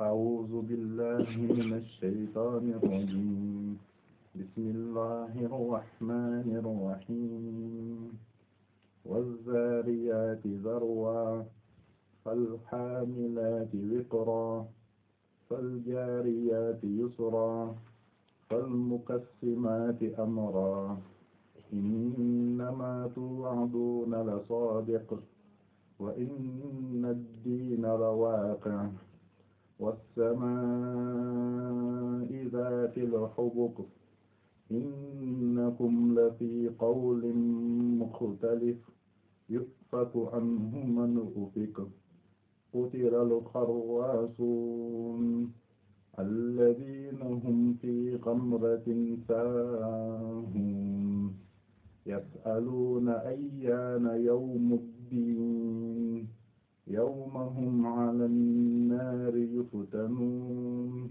أعوذ بالله من الشيطان الرجيم بسم الله الرحمن الرحيم والذاريات ذروا فالحاملات وقرا فالجاريات يسرا فالمقسمات أمرا إنما توعدون لصادق وإن الدين لواقع والسماء ذات الحبك إنكم لفي قول مختلف يؤفك عنه من أفك قتل الخراصون الذين هم في غمرة ساهون يسألون أيان يوم الدين يوم هم على النار يفتنون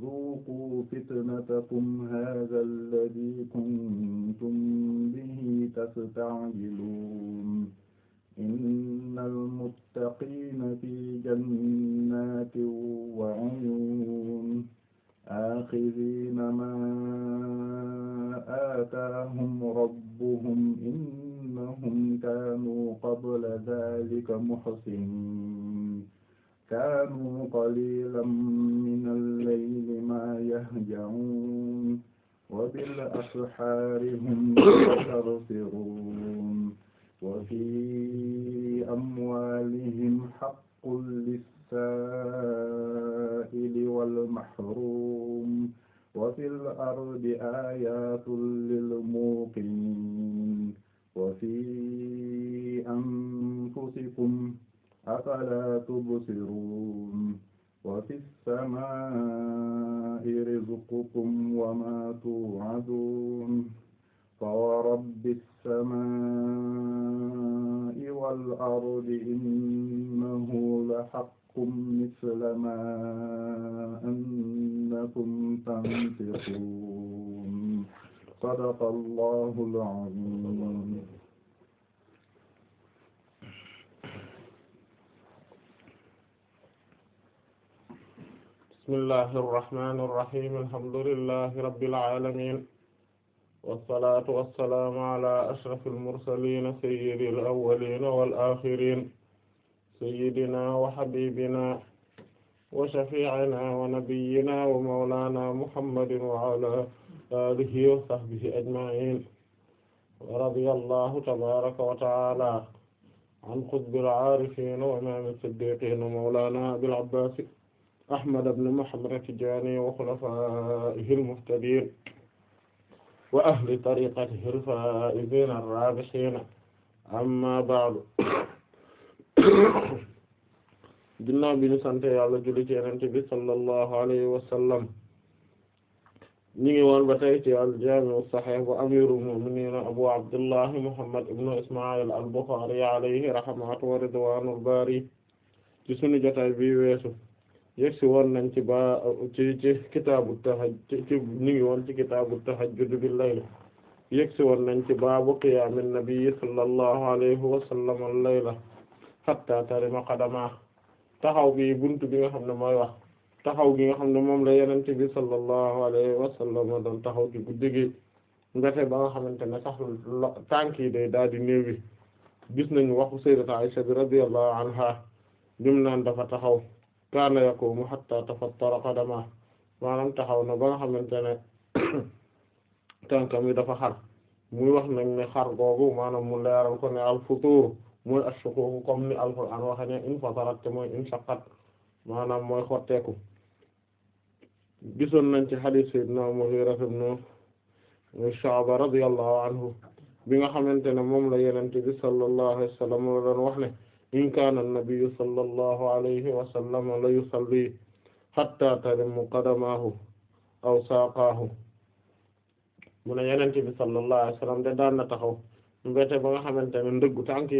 ذوقوا فتنتكم هذا الذي كنتم به تستعجلون إن المتقين في جنات وعيون آخذين ما آتاهم ربهم إنهم كانوا قبل ذلك محسنين كانوا قليلا من الليل ما يهجعون وبالأسحار هم يستغفرون وفي أموالهم حق للسائل السائل والمحروم وفي الأرض آيات للموقنين وفي أنفسكم أفلا تبصرون وفي السماء رزقكم وما توعدون فورب السماء والأرض إنه لحق لكم مثل ما أنكم تنفقون صدق الله العظيم بسم الله الرحمن الرحيم الحمد لله رب العالمين والصلاة والسلام على أشرف المرسلين سيد الأولين والآخرين سيدنا وحبيبنا وشفيعنا ونبينا ومولانا محمد وعلى آله وصحبه أجمعين ورضي الله تبارك وتعالى عن قطب العارفين وإمام الصديقين ومولانا أبي العباس أحمد بن محمد التجاني وخلفائه المهتدين وأهل طريقته الفائزين الرابحين أما بعد ginnaaw bi ñu sante yàlla julli ci bi sallallahu alayhi wa sallam ñu ngi woon ba tey ci al-Jaami' as-Sahih bu amiirul mu'miniin Abu Abdullah Muhammad ibn Isma'il al-Bukhari alayhi rahmatu wa ridwaanul baari ci sunu jotaay bi weesu yegsi woon nañ ci ba ci ci kitaabu tahajjud ci ñu ngi woon ci ci baabu qiyaam an-nabi sallallahu alayhi wa al-layla hatta tarima qadama taxaw bi buntu bi nga xam ne mooy wax taxaw gi nga xam ne moom la yenente bi sallallahu alayhi wa sallam doon taxaw ci guddi gi mbete ba nga xamante ne sax tànk yi day daal di néewi gis nañu waxu sayyidati Aisha bi radiyallahu anha jum naan dafa taxaw kaana yaqumu hatta tafattara qadama maanaam taxaw na ba nga xamante ne tànkam yi dafa xar muy wax nañ ne xar googu maanaam mu leeral ko ne al mooy ashuquq comme ni alquran waxe ne infasarat mooy inshaqqat maanaam mooy xotteeku gisoon nañ ci hadith sayyidina Mughira ibn Shu'ba radiyallahu anhu bi nga xamante ne moom la yonent bi sallallahu alayhi wa sallam la doon wax ne in kaana an-nabiyyu sallallahu la yusalli hatta talimmu qadamahu de daan na taxaw mbete ba nga xamante ne ndëggu tànk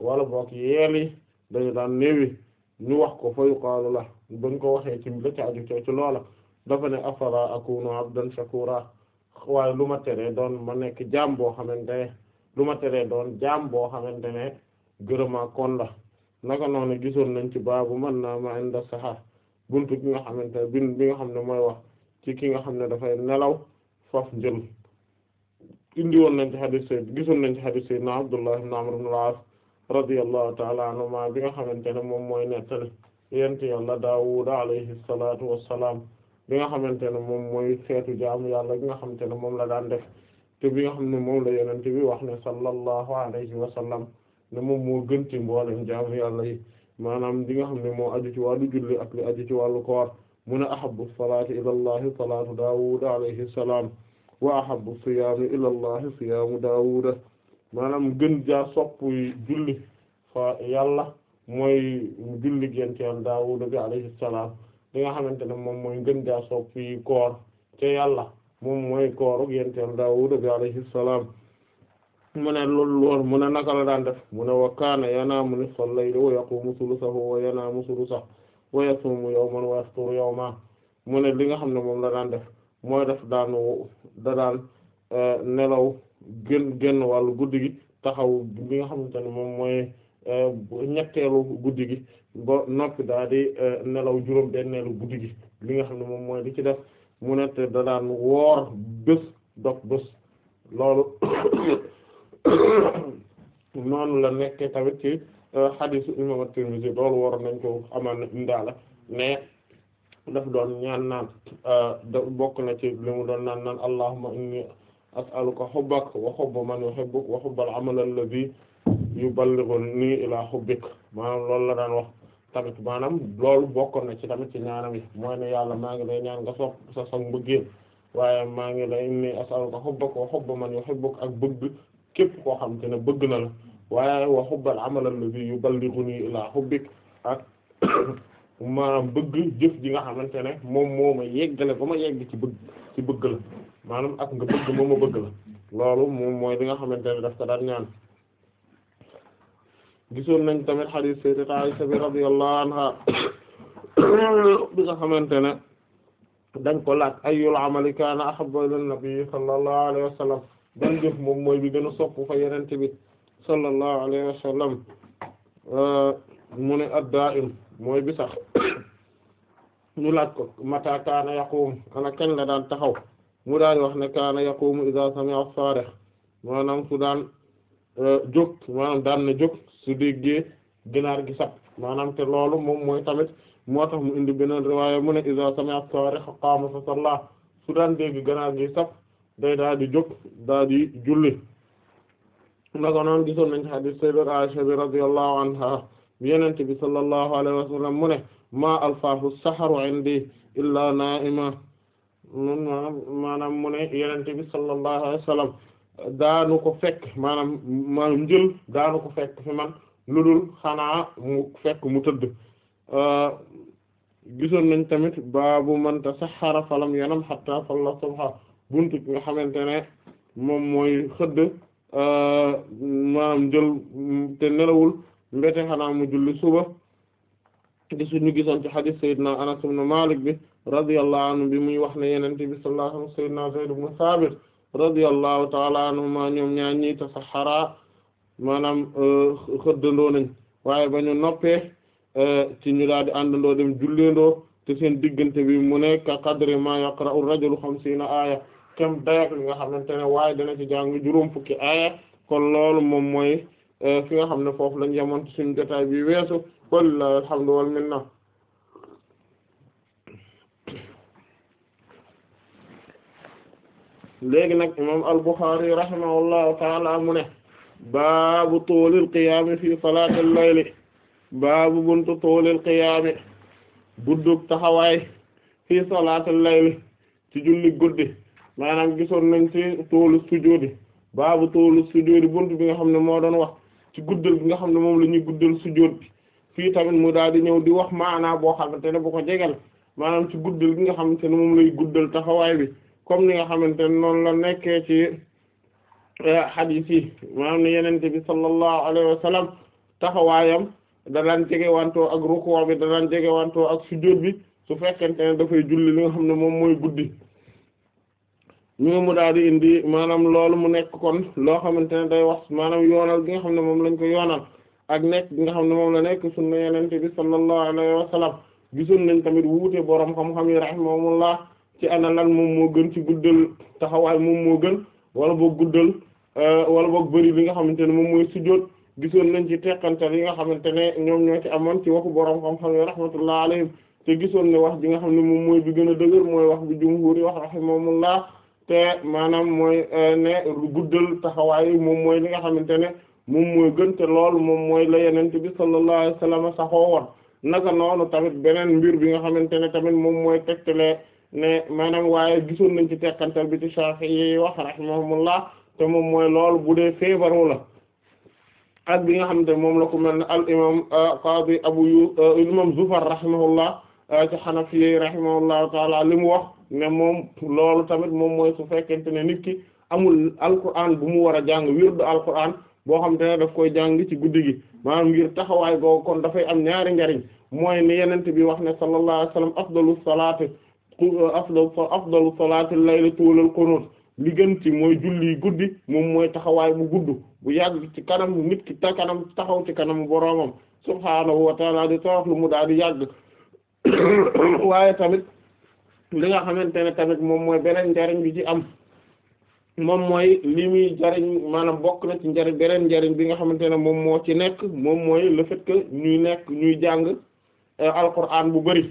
wala boog yeel yi dañu daan néewi ñu wax ko fa yuqaalu la bañ ko waxee ci la ci aju ci ci loola dafa ne afala akunu abdan shakura waaye lu ma teree doon ma nekk jaam boo xamante ne lu ma teree doon jaam boo xamante ne gërëmaa kon la naka noonu gisoon nañ ci baabu man naa ma inda saxaar buntu ki nga xamante ne bin bi nga xam ne mooy wax ci ki nga xam ne dafay nelaw faf njël indi woon nañ ci hadith gisoon nañ ci hadith sayyidina Abdullah ibn Amr ibn al radiyallahu ta'ala anhuma bi nga xamante ne moom mooy nettali yent yàlla daawuda alayhi salaatu wassalaam bi nga xamante ne moom mooy xeetu jaamu yàlla bi nga xamante ne moom la daan def te bi nga xam ne moom la yonent bi wax ne sallallahu alayhi wa sallam ne moom moo gën ci mboolem jaamu yàlla yi maanaam li nga xam ne moo aju ci wàllu julli ak li aju ci wàllu koor mu ne ahabbu salaati ila allahi salaatu daawuda alayhi salaam wa ahabbu siyaami ila allahi siyaamu daawuda maanaam gën jaa sopp julli fa yàlla mooy julli gént yàlla Daawuda bi alayhi salaam li nga xamante ne moom mooy gën jaa sopp yi koor te yàlla moom mooy kooru gént yàlla Daawuda bi alayhi salaam mu ne loolu lool mu ne naka la daan def mu ne wa kaana yanaamu nisfal layli wa yaqumu sulusahu wa yanaamu sulusahu wa yasumu yawman wa yafturu yawman mu ne li nga xam ne moom la daan def mooy def daan da daan eh, nelaw gën genn wàllu guddi gi taxaw bi nga xamante ne moom mooy euh, ñetteelu guddi gi ba noppi daal di euh, nelaw juróom benneelu guddi gi li nga xam ne moom mooy li ci def mu ne te da daan woor bés dog bés loolu noonu la nekkee tamit ci euh, xadisu imam at-Tirmidhi loolu waroon nañ ko amal na indaala mais daf doon ñaan naan bokk na ci li mu doon naan naan allahumma inni as'aluka hubbak wa hubba man yuhibbuk wa hubba bi yu alladhi yuballighuni ila hubbik maanaam loolu la daan wax tamit maanaam loolu bokkoon na ci tamit ci ñaanam yi mooy ne yàlla maa ngi lay ñaan nga sopp sa sang mbëggeel waaye maa ngi lay inni as'aluka hubbak wa hubba man yuhibbuk ak bëgg képp koo xam te ne bëgg na la waaye wa hubba bi yu alladhi yuballighuni ila hubbik ak maanaam bëgg jëf ji nga xamante ne moom moom ma yeggale ba ma yegg ci bëgg bëgg la maanaam ak nga bëgg ma ma bëgg la loolu moom mooy li nga xamante ne daf ko daan ñaan nañ tamit xadiis sayyidat Aisha bi radiyallahu anha bi nga xamante ne dañ ko laaj ayyul amali kaana ahabba ila nabi sallallahu alayhi wa sallam ban jëf mooy bi gën a sopp fa yenente bi sallallahu alayhi wa sallam mu ne ad mooy bi sax ñu laaj ko mata kaana yaquum ana kañ la daan taxaw mu daal di wax ne kaana yaqumu idha a as-sarih maanaam su daan euh, jóg maanaam daan na jóg su déggee ginaar gi sab maanaam te loolu moom mooy tamit moo mu indi beneen riwaaya mu ne idha sami'a as-sarih qaama fa salla su daan dégg ginaar gi sab day daal di jóg daal di julli naka noonu gisoon nañ ci hadith sayyidat Aisha bi radiyallahu anha Yonent bi sallallahu alayhi wa sallam mu ne ma alfaahu as-sahru indi illa naa'ima maanaam mu ne yenente bi sallallahu alayhi wa sallam ko fekk maanaam maanaam njël daanu ko fekk fi man lu dul xanaa mu fekk mu tëdd euh, gisoon nañ tamit baabu man tasaxara falam yanam hatta salla subha buntu bi nga xamante ne moom mooy xëdd euh, maanaam njël te nelawul mbete xanaa mu julli suba gis ñu gisoon ci hadith sayyidina Anas ibn Malik bi radiyallahu anhu bi muy wax ne yonent bi sallallahu alayhi wa sallam sayyidina Zayd ibn Thabit radiyallahu ta'ala anhuma ñoom ñaar a tasaxara maanaam euh, xëddandoo nañ waaye ba ñu noppee euh, ci ñu daal di àndandoo dem julleendoo te seen diggante bi mu nekk qadri ma yaqra'u ar-rajulu xamsiina aaya kem dayak nga xamante ne waaye dana ci jàng juróom fukki aaya kon loolu moom mooy euh, fi nga xam ne foofu lañu yemoon ci suñu bi weesu walillahi alhamdu wal minna léegi nag imam al-Bukhari rahimahullahu taala mu ne baabu toolil qiyaami fi salaatil layli baabu buntu toolil qiyaami guddug taxawaay fi salaatil layli ci julli guddi maanaam gisoon nañ ci toolu sujoodi baabu toolu sujoodi buntu bi nga xam ne moo doon wax ci guddal bi nga xam ne moom la ñuy guddal sujood bi fii tamit mu daal di ñëw di wax maanaa boo xamante ne bu ko jegal maanaam ci guddal gi nga xamante ne moom lay guddal taxawaay bi comme ni nga xamante noonu la nekkee ci eh, xadiis yi maanaam ne yenente bi sallallahu alayhi wa taxawaayam da daan jege bi da daan jege wantoo ak bi su fekkente ne julli li nga xam ne moom mooy guddi ñu ngi mu daal di indi maanaam loolu mu nekk kon loo xamante ne day wax maanaam yoonal gi nga xam ne moom lañ ko yoonal ak nekk nga xam ne moom la nekk sunna yenente bi sallallahu alayhi wa sallam gisoon nañ tamit wuute borom xam-xam yi rahimahumullah ci ana lan moom moo gën ci guddal taxawaay moom moo gën wala boog guddal euh, wala boog bëri li nga xamante ne moom mooy sujjóot gisoon nañ ci teqantal yi nga xamante ne ñoom ñoo ci amoon ci waxu borom xam-xam yi rahmatullah alayhim te gisoon ne wax bi nga xam ne moom mooy bi gën a dëgër mooy wax bi jumhuur yi wax rahimahumullah te maanaam mooy euh, ne guddal taxawaay moom mooy li nga xamante ne moom mooy gën te loolu moom mooy la yenente bi sallallahu alayhi wa sallam saxoo woon naka noonu tamit beneen mbir bi nga xamante ne tamit moom mooy tegtale ne maanaam waaye gisoon nañ ci tekkantal bi ci Shafi'i wax rahimahumullah te moom mooy lool bu dee feebaru la ak bi nga xamante ne moom la ko mel ne al imam euh, qadi abu yu euh, imam Zufar rahimahullah euh, ci Hanafi rahimahullahu taala li mu wax ne moom loolu tamit moom mooy su fekkente ne nit ki amul alquran bu mu war a jàng wirdu boo xam te ne daf koy jàng ci guddi gi maanaam ngir taxawaay googu kon dafay am ñaari njariñ mooy ni yenent bi wax ne sallallahu alayhi wasallam afdalu salaati euh, afdalu afdalu salaati layli tuulal qunut li gën mooy julli guddi moom mooy taxawaay bu gudd bu yàgg ci kanam nit ki ta kanam taxaw ci kanam boroomam subhaanahu wa di torox lu mu daal di yàgg waaye tamit li nga xamante ne tamit moom mooy beneen njariñ bi ci am moom mooy lii muy jariñ maanaam bokk na ci njariñ beneen njariñ bi nga xamante ne moom moo ci nekk moom mooy le fait que ñuy nekk ñuy jàng euh, alquran bu bari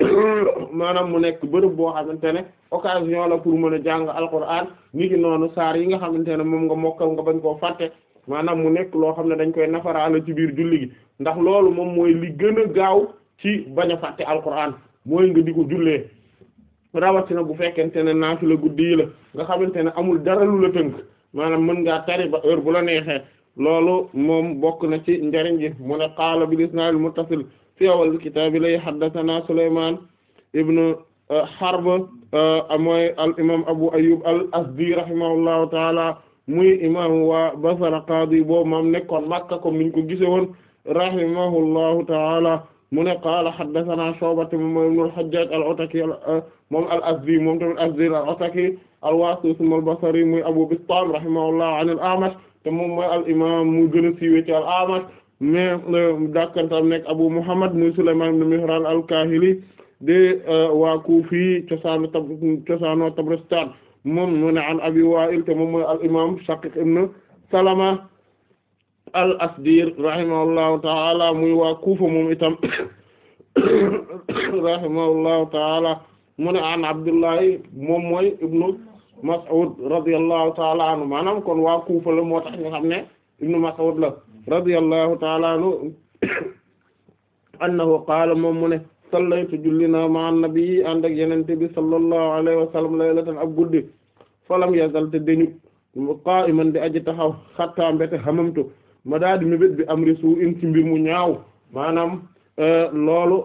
maanaam mu nekk bërëb boo xamante ne occasion la pour mën a jàng alquran ni ki noonu saar yi nga xamante ne moom nga mokkal nga bañ koo fàtte maanaam mu nekk loo xam ne dañ koy nafaraale ci biir julli gi ndax loolu moom mooy li gën a gaaw ci bañ a fàtte alquran mooy nga di ko jullee rawatina bu fekkente ne naafila guddi yi la nga xamante ne amul dara lu la tënk maanaam mën ngaa tari ba heure bu la neexee loolu moom bokk na ci njariñ ji mu ne qaala bil isnaadil muttasil fi awwal kitaabi lay haddathana Sulaymaan ibnu uh, Harb uh, mooy al imam Abu Ayyub al Asdi rahimahullahu taala muy imam wa Basra qaadi boobu moom nekkoon Makka ko niñ ko gisee woon rahimahullahu taala mu ne qaala haddathana Shu'ba moom ibn al-Hajjaj al-Ataki moom al-Azdi moom tamit Azdi al-Ataki al-Wasiti thumma al-Basri muy Abu Bistam rahimahullah an al-A'mash te moom mooy al-imam mu gën a siiwee ci al-A'mash mais euh, dàkkantam nekk Abu Muhammad muy Sulayman ibn Mihran al-Kahili de euh, waa Kufi cosaanu tab cosaanu Tabaristan moom mu ne an Abi Wa'il te moom mooy al-imam Shaqiq ibn Salama al asdir rahimahullahu taala muy waa Kufa moom itam rahimahullahu taala mu ne an Abdullahi moom mooy ibnu Mas'ud radiyallahu taala anhu maanaam kon waa Kufa la moo tax nga xam ne ibnu Mas'ud la radiyallahu taala anhu annahu qaala moom mu ne sallaytu julli naa ma nabi ànd ak yenente bi sallallahu alayhi wa sallam laylatan ab guddi falam yazal te dañu qaa'iman di aji taxaw xattaa mbete xamamtu ma daal di mébét bi am resu in ci mbir mu ñaaw maanaam euh, loolu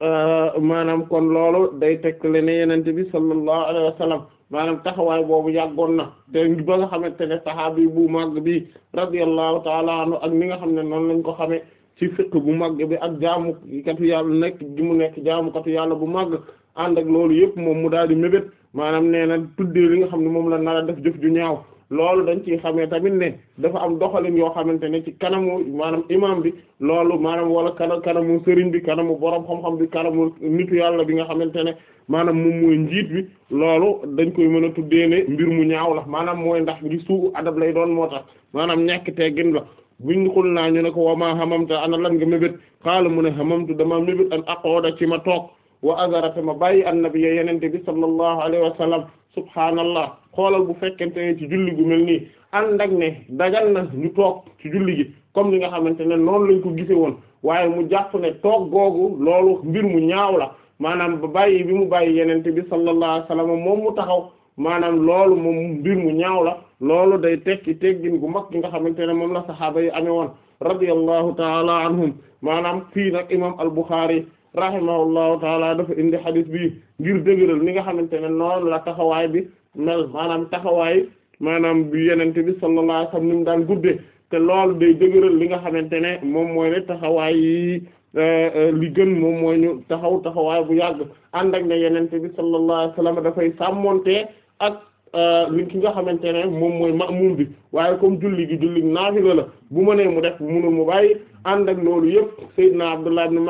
euh, maanaam kon loolu day tegtale ne yenente bi sallallahu alayhi wa sallam maanaam taxawaay boobu yàggoon na te ba nga xamante ne saxaabi bu màgg bi radiyallahu taala anhu ak ni nga xam ne noonu lañ ko xamee ci fiq bu màgg bi ak jaamu katu yàlla nekk gi mu nekk jaamu katu yàlla bu màgg ànd ak loolu yëpp moom mu daal di mébét maanaam nee na tuddee li nga xam ne moom la nar def jëf ju ñaaw loolu dañ ciy xamee tamit ne dafa am doxalin yoo xamante ne ci kanamu maanaam imam bi loolu maanaam wala kana kanamu sëriñ bi kanamu borom xam-xam bi kanamu nitu yàlla bi nga xamante ne maanaam moom mooy njiit bi loolu dañ koy mën a tuddee ne mbir mu ñaaw la maanaam mooy ndax ngi suu adab lay doon moo tax maanaam ñàkk teggin la buñ xul naa ñu ne ko wamaa xamamta ana lan nga mébét xaala mu ne xamamtu dama mébét an aqooda ci ma toog wa azarata ma bàyyi annabiya yenente bi sallallahu alayhi wa sallam subhaanallah xoolal bu fekkente ci julli gu mel nii ànd ak ne dagan na ñu toog ci julli gi comme li nga xamante ne noonu lañ ko gise woon waaye mu jàpp ne toog googu loolu mbir mu ñaaw la maanaam ba bàyyi bi mu bàyyi yenente bi sallallahu alayhi wa sallam moom mu taxaw maanaam loolu moom mbir mu ñaaw la loolu day tekki teggin gu mag gi nga xamante ne moom la saxaaba yi amee woon radiyallahu taala anhum maanaam fii nag imam al-Bukhari rahimahullahu taala dafa indi xadis bi ngir dëgëral ni nga xamante ne noonu la taxawaay bi mel maanaam taxawaay maanaam bi yenente bi sallallahu alayhi wasallam ni daan guddee te lool day dëgëral li nga xamante ne moom mooy ne taxawaay yi euh, euh, li gën moom mooy ñu taxaw taxawaay bu yàgg ànd ak ne yenente bi sallallahu alayhi wasallam dafay sàmmonte ak euh, li ki nga xamante ne moom mooy ma'mum bi waaye comme julli gi julli naafila bu mënee mu def munul mu bàyyi ànd ak loolu yëpp Seydina Abdullah ibn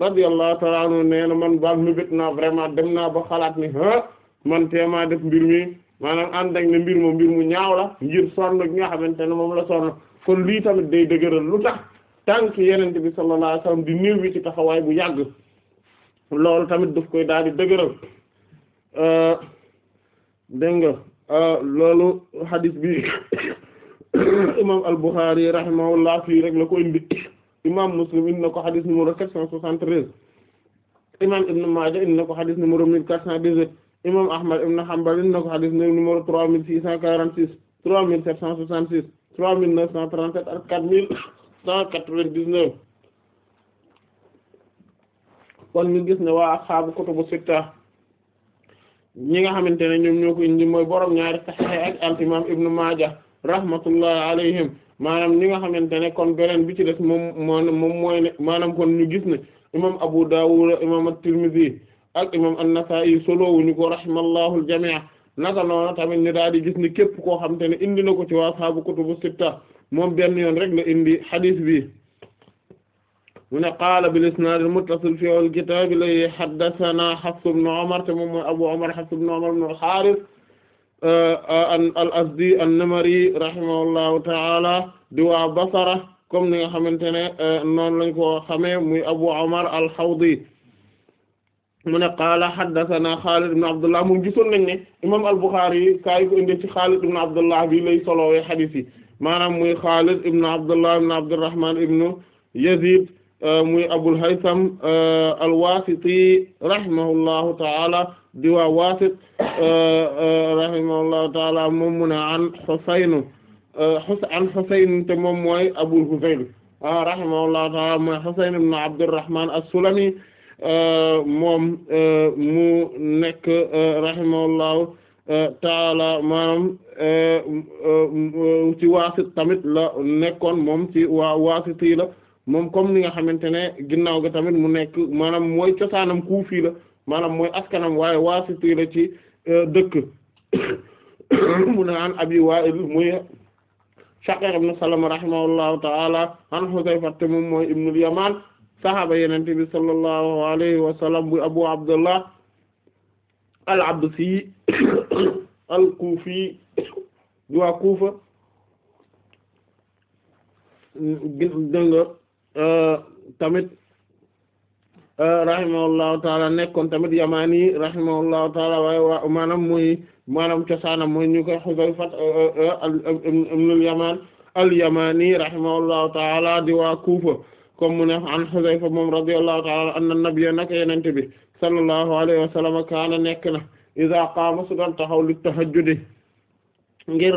radiyallahu ta'ala anhu nee na man baal mébét naa vraiment dem naa ba xalaat ni ah man teemaa def mbir mi maanaam ànd ak ne mbir moom mbir mu ñaaw la ngir sonn gi nga xamante ne moom la sonn kon lii tamit day dëgëral lu tax tànk yenent bi sallallahu alayhi wasallam di néew yi ci taxawaay bu yàgg loolu tamit daf koy daal di dëgëral euh, nga euh, loolu hadith bi imam al-Bukhari rahimahullah fii rek la ko indi imaam Muslim indi na ko xadis numéro 473 imaam Ibn Maaja indi na ko xadis numéro 1418 imaam Ahmad ibn Hanbal indi na ko xadis numéro 3646 3766 3937 ak 4199 kon ñu gis ne waa ashaabu kutubu sitta ñi nga xamante ne ñoom ñoo ko indi mooy borom ñaari Sahih ak al imaam Ibn Maaja rahmatullahi alayhim maanaam ni nga xamante ne kon beneen bi ci des moom moom mooy ne maanaam kon ñu gis ne imam Abu Dawud imam at-Tirmidhi ak imam an-Nasa'i solowuñu ko rahimallahu al-jami' naka noonu tamit ñu daal di gis ni képp koo xam ne indi na ko ci waa saabu kutubu sitta moom benn yoon rek la indi hadith bi mu ne qaala bil isnaad al-muttasil fi al-kitaab li haddathana Hafs ibn Umar te moom mooy Abu Umar Hafs ibn Umar ibn al-Harith al asdi an-namari rahimahullahu taala di basara comme ni nga xamante ne euh, noonu lañ ko xamee muy abu umar al-hawdi mu ne qaala haddathana Xaalid Abdullah moom gisoon nañ ne imaam al-Bukhari yi kaa yi ko Abdullah bi lay solowee xadiis yi maanaam muy Xaalid ibn Abdullah ibn Abdurrahman ibn Yazid Euh, muy Abul Haytham euh, al-Wasiti rahimahullahu ta'ala di waa Wasit euh, rahimahullahu ta'ala moom mu ne an Husayn an Husayn te moom mooy Abul Husayn ah, rahimahullahu ta'ala mooy Husayn ibn Abdurrahman as-Sulami moom mu nekk rahimahullahu taala maanaam ci Wasit tamit la nekkoon moom ci waa Wasiti la moom comme ni nga xamante ne ginnaaw ga tamit mu nekk maanaam mooy cosaanam kuufi la maanaam mooy askanam waaye waasiti la ci euh, dëkk mu ne an abi wa'il muy Shaqir ibn Salama rahimahullahu ta'ala an Hudayfa te moom mooy ibnul Yaman sahaaba yenente bi sallallahu alayhi wa sallam bu Abu Abdullah al-Absi al-Kufi du waa Kufa dënga Euh, tamit euh, rahimahullahu taala nekkoon tamit yamaani rahimahullahu taala waaye waa maanaam muy maanaam cosaanam mooy ñu koy Hudayfa euh, ibnul Yamaan al-Yamaani rahimahullahu taala di waa Kuufa comme mu ne an Hudayfa moom radiyallahu taala anna nabiyya nag yonent bi sallallahu alayhi wa kaana nekk na iza qaama su doon taxaw li ngir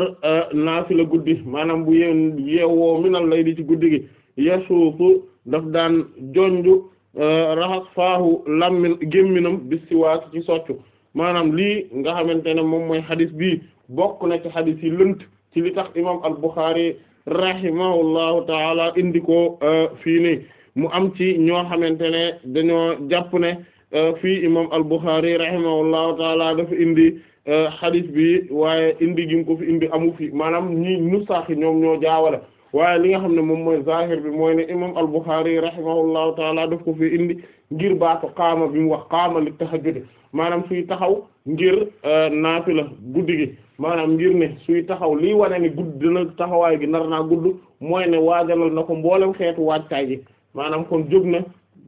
naafila guddi maanaam bu yeewoo minal layli ci guddi gi. yasuufu daf daan jonju eh, raxas faahu lammin gémminam bis siwaak ci soccu maanaam lii nga xamante ne moom mooy xadis bi bokk na ci xadis yi lënt ci li tax imam al-Bukhari rahimahullahu taala indi ko eh, fii nii mu am ci ñoo xamante ne dañoo jàpp ne eh, fii imam al-Bukhari rahimahullahu taala dafa indi xadis bi waaye indi gi ko fi indi amu fi maanaam ñi nu saaxi ñoom ñoo jaawale waaye li nga xam ne moom mooy zahir bi mooy ne imam al-Bukhari rahimahullahu taala def ko fi indi ngir baatu qaama bi mu wax qaama li tahajjud maanaam suy taxaw ngir euh, naafila guddi gi maanaam ngir ne suy taxaw li wane ni gudd taxawaay gi nar naa gudd mooy ne waajalal na ko mboolem xeetu waajtaay gi maanaam kon jóg na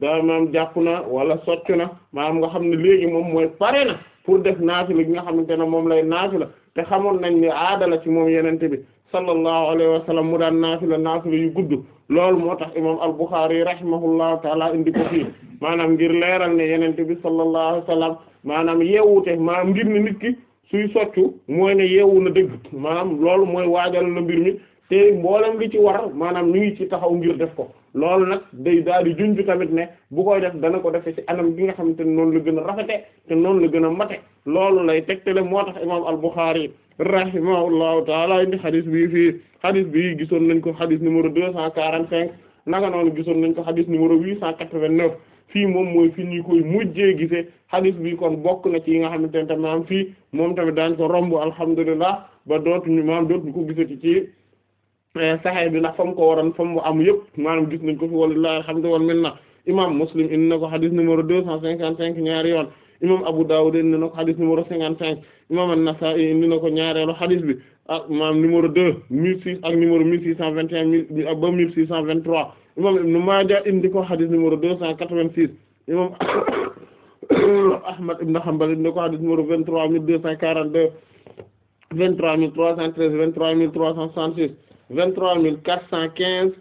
daa maanaam na wala socc na maanaam nga xam ne léegi moom mooy pare na pour def naafila gi nga xamante ne moom lay naafila te xamoon nañ ne aada ci moom yenente bi sallallahu alayhi wa mu daan naafila naafila yu gudd loolu moo tax imam al-Bukhari rahimahullahu taala indi ko fii maanaam ngir leeral ne yenente bi sallallahu alayhi wa sallam maanaam yeewute maanaam ngir ne nit ki suy soccu mooy ne yeewu na dëgg maanaam loolu mooy waajal la mbir mi te mboolem li ci war maanaam ñu ngi ci taxaw ngir def ko loolu nag day daal di junj tamit ne bu koy def dana ko defe ci anam gi nga xamante ne noonu la gën a rafete te noonu la gën a mate loolu lay tegtale moo tax imam al-Bukhari rahimahullahu taala indi xadis bi fii xadis bi gisoon nañ ko xadis numéro deux cent quarante cinq naka noonu gisoon nañ ko xadis numéro huit cent quatre vingt neuf fii moom mooy fi ñu koy mujjee gisee xadis bi kon bokk na ci yi nga xamante ne maam fii moom tamit daañ ko romb alhamdulillah ba dootuñu maam dootuñu ko gisati ci eh, saxee bi ndax fa mu ko waroon fa mu am yëpp maanaam gis nañ ko fi walillahi alhamdu wal minna imam muslim indi na ko xadis numéro deux cent cinquante ñaari yoon imam Abu Dawud indi na imam An-Nasa'i indi na ko ñaareelu hadith bi ak maam numéro deux mille six ak numéro mille six cent vingt et un mille ak ba mille six cent vingt trois imam Ibn Maaja indi ko hadith numéro deux cent quatre vingt six imam Ahmad ibn Hanbal indi ko hadith numéro vingt trois mille deux cent quarante deux vingt trois mille trois cent treize vingt trois mille trois cent soixante six vingt trois mille quatre cent quinze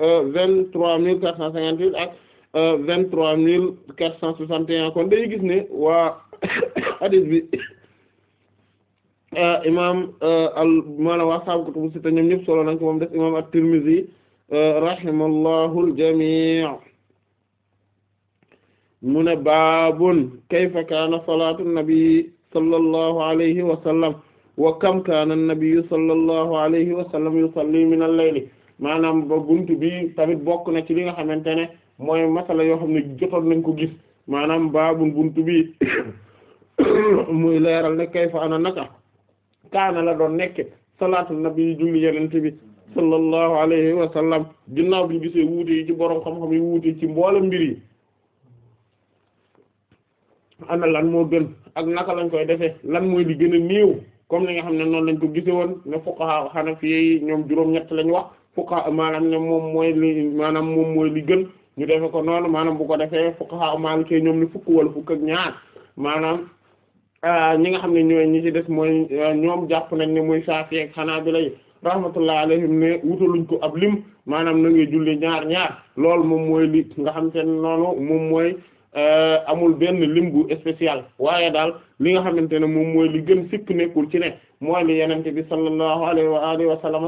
euh, vingt trois mille quatre cent cinquante huit ak euh, vingt trois mille quatre cent soixante et un kon day gis ne waa hadith bi Euh, imam euh, al maanaam waa saabu kutubu sitta ñoom ñëpp solo nañ ko moom des imam at-Tirmidhi euh, rahimallahu al-jami' mu ne baabun kayfa kaana salaatu nabi sallallahu alayhi wa wa kam kaana an-nabiyyu alayhi wa sallam yusalli min al-layli maanaam ba buntu bi tamit bokk na ci li nga xamante ne mooy masala yoo xam ne jotoon nañ ko gis maanaam baabun buntu bi muy leeral ne kayfa ana naka kaana la doon nekk salaatu nabi julli yenente bi sallallahu a wa sallam ginnaaw bi ñu gisee wuute ci borom xam-xam yi wuute ci mboolem mbir yi ana lan moo gën ak naka lañ koy defee lan mooy li gën a néew comme li nga xam ne noonu lañ ko gisee woon ne fuqaha hanafi yi ñoom juróom-ñett lañ wax fuqaha maanaam ne moom mooy li maanaam moom mooy li gën ñu defe ko noonu maanaam bu ko defee fuqaha maliki ñoom ni fukk wala fukk ak ñaar maanaam Euh, ñi nga xam ne ñooy ñi ci des mooy euh, ñoom jàpp nañ ne muy Saafi ak Xanaabila yi rahmatullah alayhim ne wutaluñ ko ab lim maanaam na ngay julli ñaar ñaar lool moom mooy li nga xam te ne noonu moom mooy Euh, amul benn lim bu spécial waaye daal li nga xamante ne moom mooy li gën sikk nekkul ci ne mooy li yenente bi sallallahu alayhi wa alihi wa sallam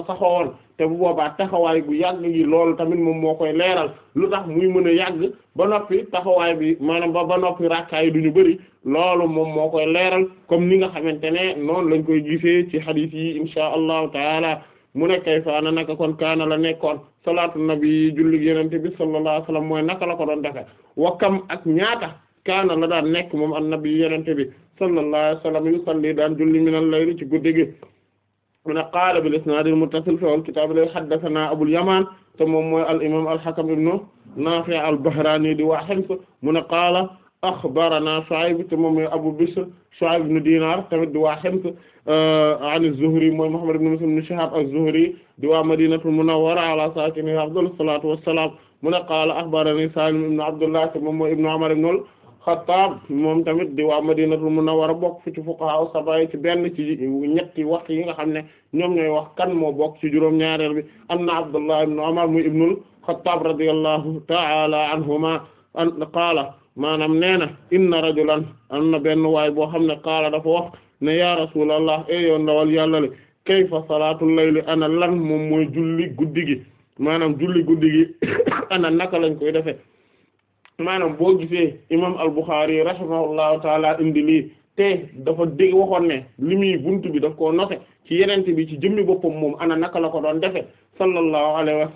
te bu boobaa taxawaay bu yàgg gi loolu tamit moom moo koy leeral lu tax muy mën a yàgg ba noppi taxawaay bi maanaam ba ba noppi rakkaay du ñu bëri loolu moom moo koy leeral comme ni nga xamante ne noonu lañ koy gisee ci hadith yi insha allahu taala mu ne kay faana naka kon kaana la nekkoon salaatu nabi julli yenente bi sallallahu alayhi wasallam mooy naka la ko doon defe wa kam ak ñaata kaana la daan nekk moom annabi yenente bi sallallahu alayhi wasallam yu salli daan julli minal layli ci guddi gi mu ne qaala bil isnaadil muttasil fil kitaab la haddathana abul yamaan te moom mooy al imaam al hakam ibnu naafi' al bahraani di waa Hims mu ne qaala akhbarana Shu'ayb te moom mooy abu bishr Shu'ayb ibnu diinaar tamit di waa Hims an az-Zuhri mooy Muhammad ibn Muslim ibn Shihab az-Zuhri di waa Madinatul Munawwara ala saakinihaa afdalu salaatu wassalaam mu ne qaala axbaranii Saalim ibn Abdullah moom mooy ibn Umar ibn moom tamit di waa Madinatul Munawwara bokk ci fuqahaa sab'a ci benn ci ñetti wax yi nga xam ne ñoom ñooy wax kan moo bokk ci juróom bi am na Abdullah ibn Umar muy ibn al-Khattab radiyallahu ta'ala anhuma an maanaam nee na inna rajulan am na benn waay boo xam ne qaala dafa wax ne yaa rasulallah e yow ndawal yàlla le kayfa salaatul layli ana lan moom mooy julli guddi gi maanaam julli guddi gi ana naka lañ koy defee maanaam boo gisee imam al-Bukhari rahimahullahu taala indi lii te dafa dégg waxoon ne li muy buntu bi daf koo noxe ci yenente bi ci jëmmi boppam moom ana naka la ko doon defe sallallahu alayhi wa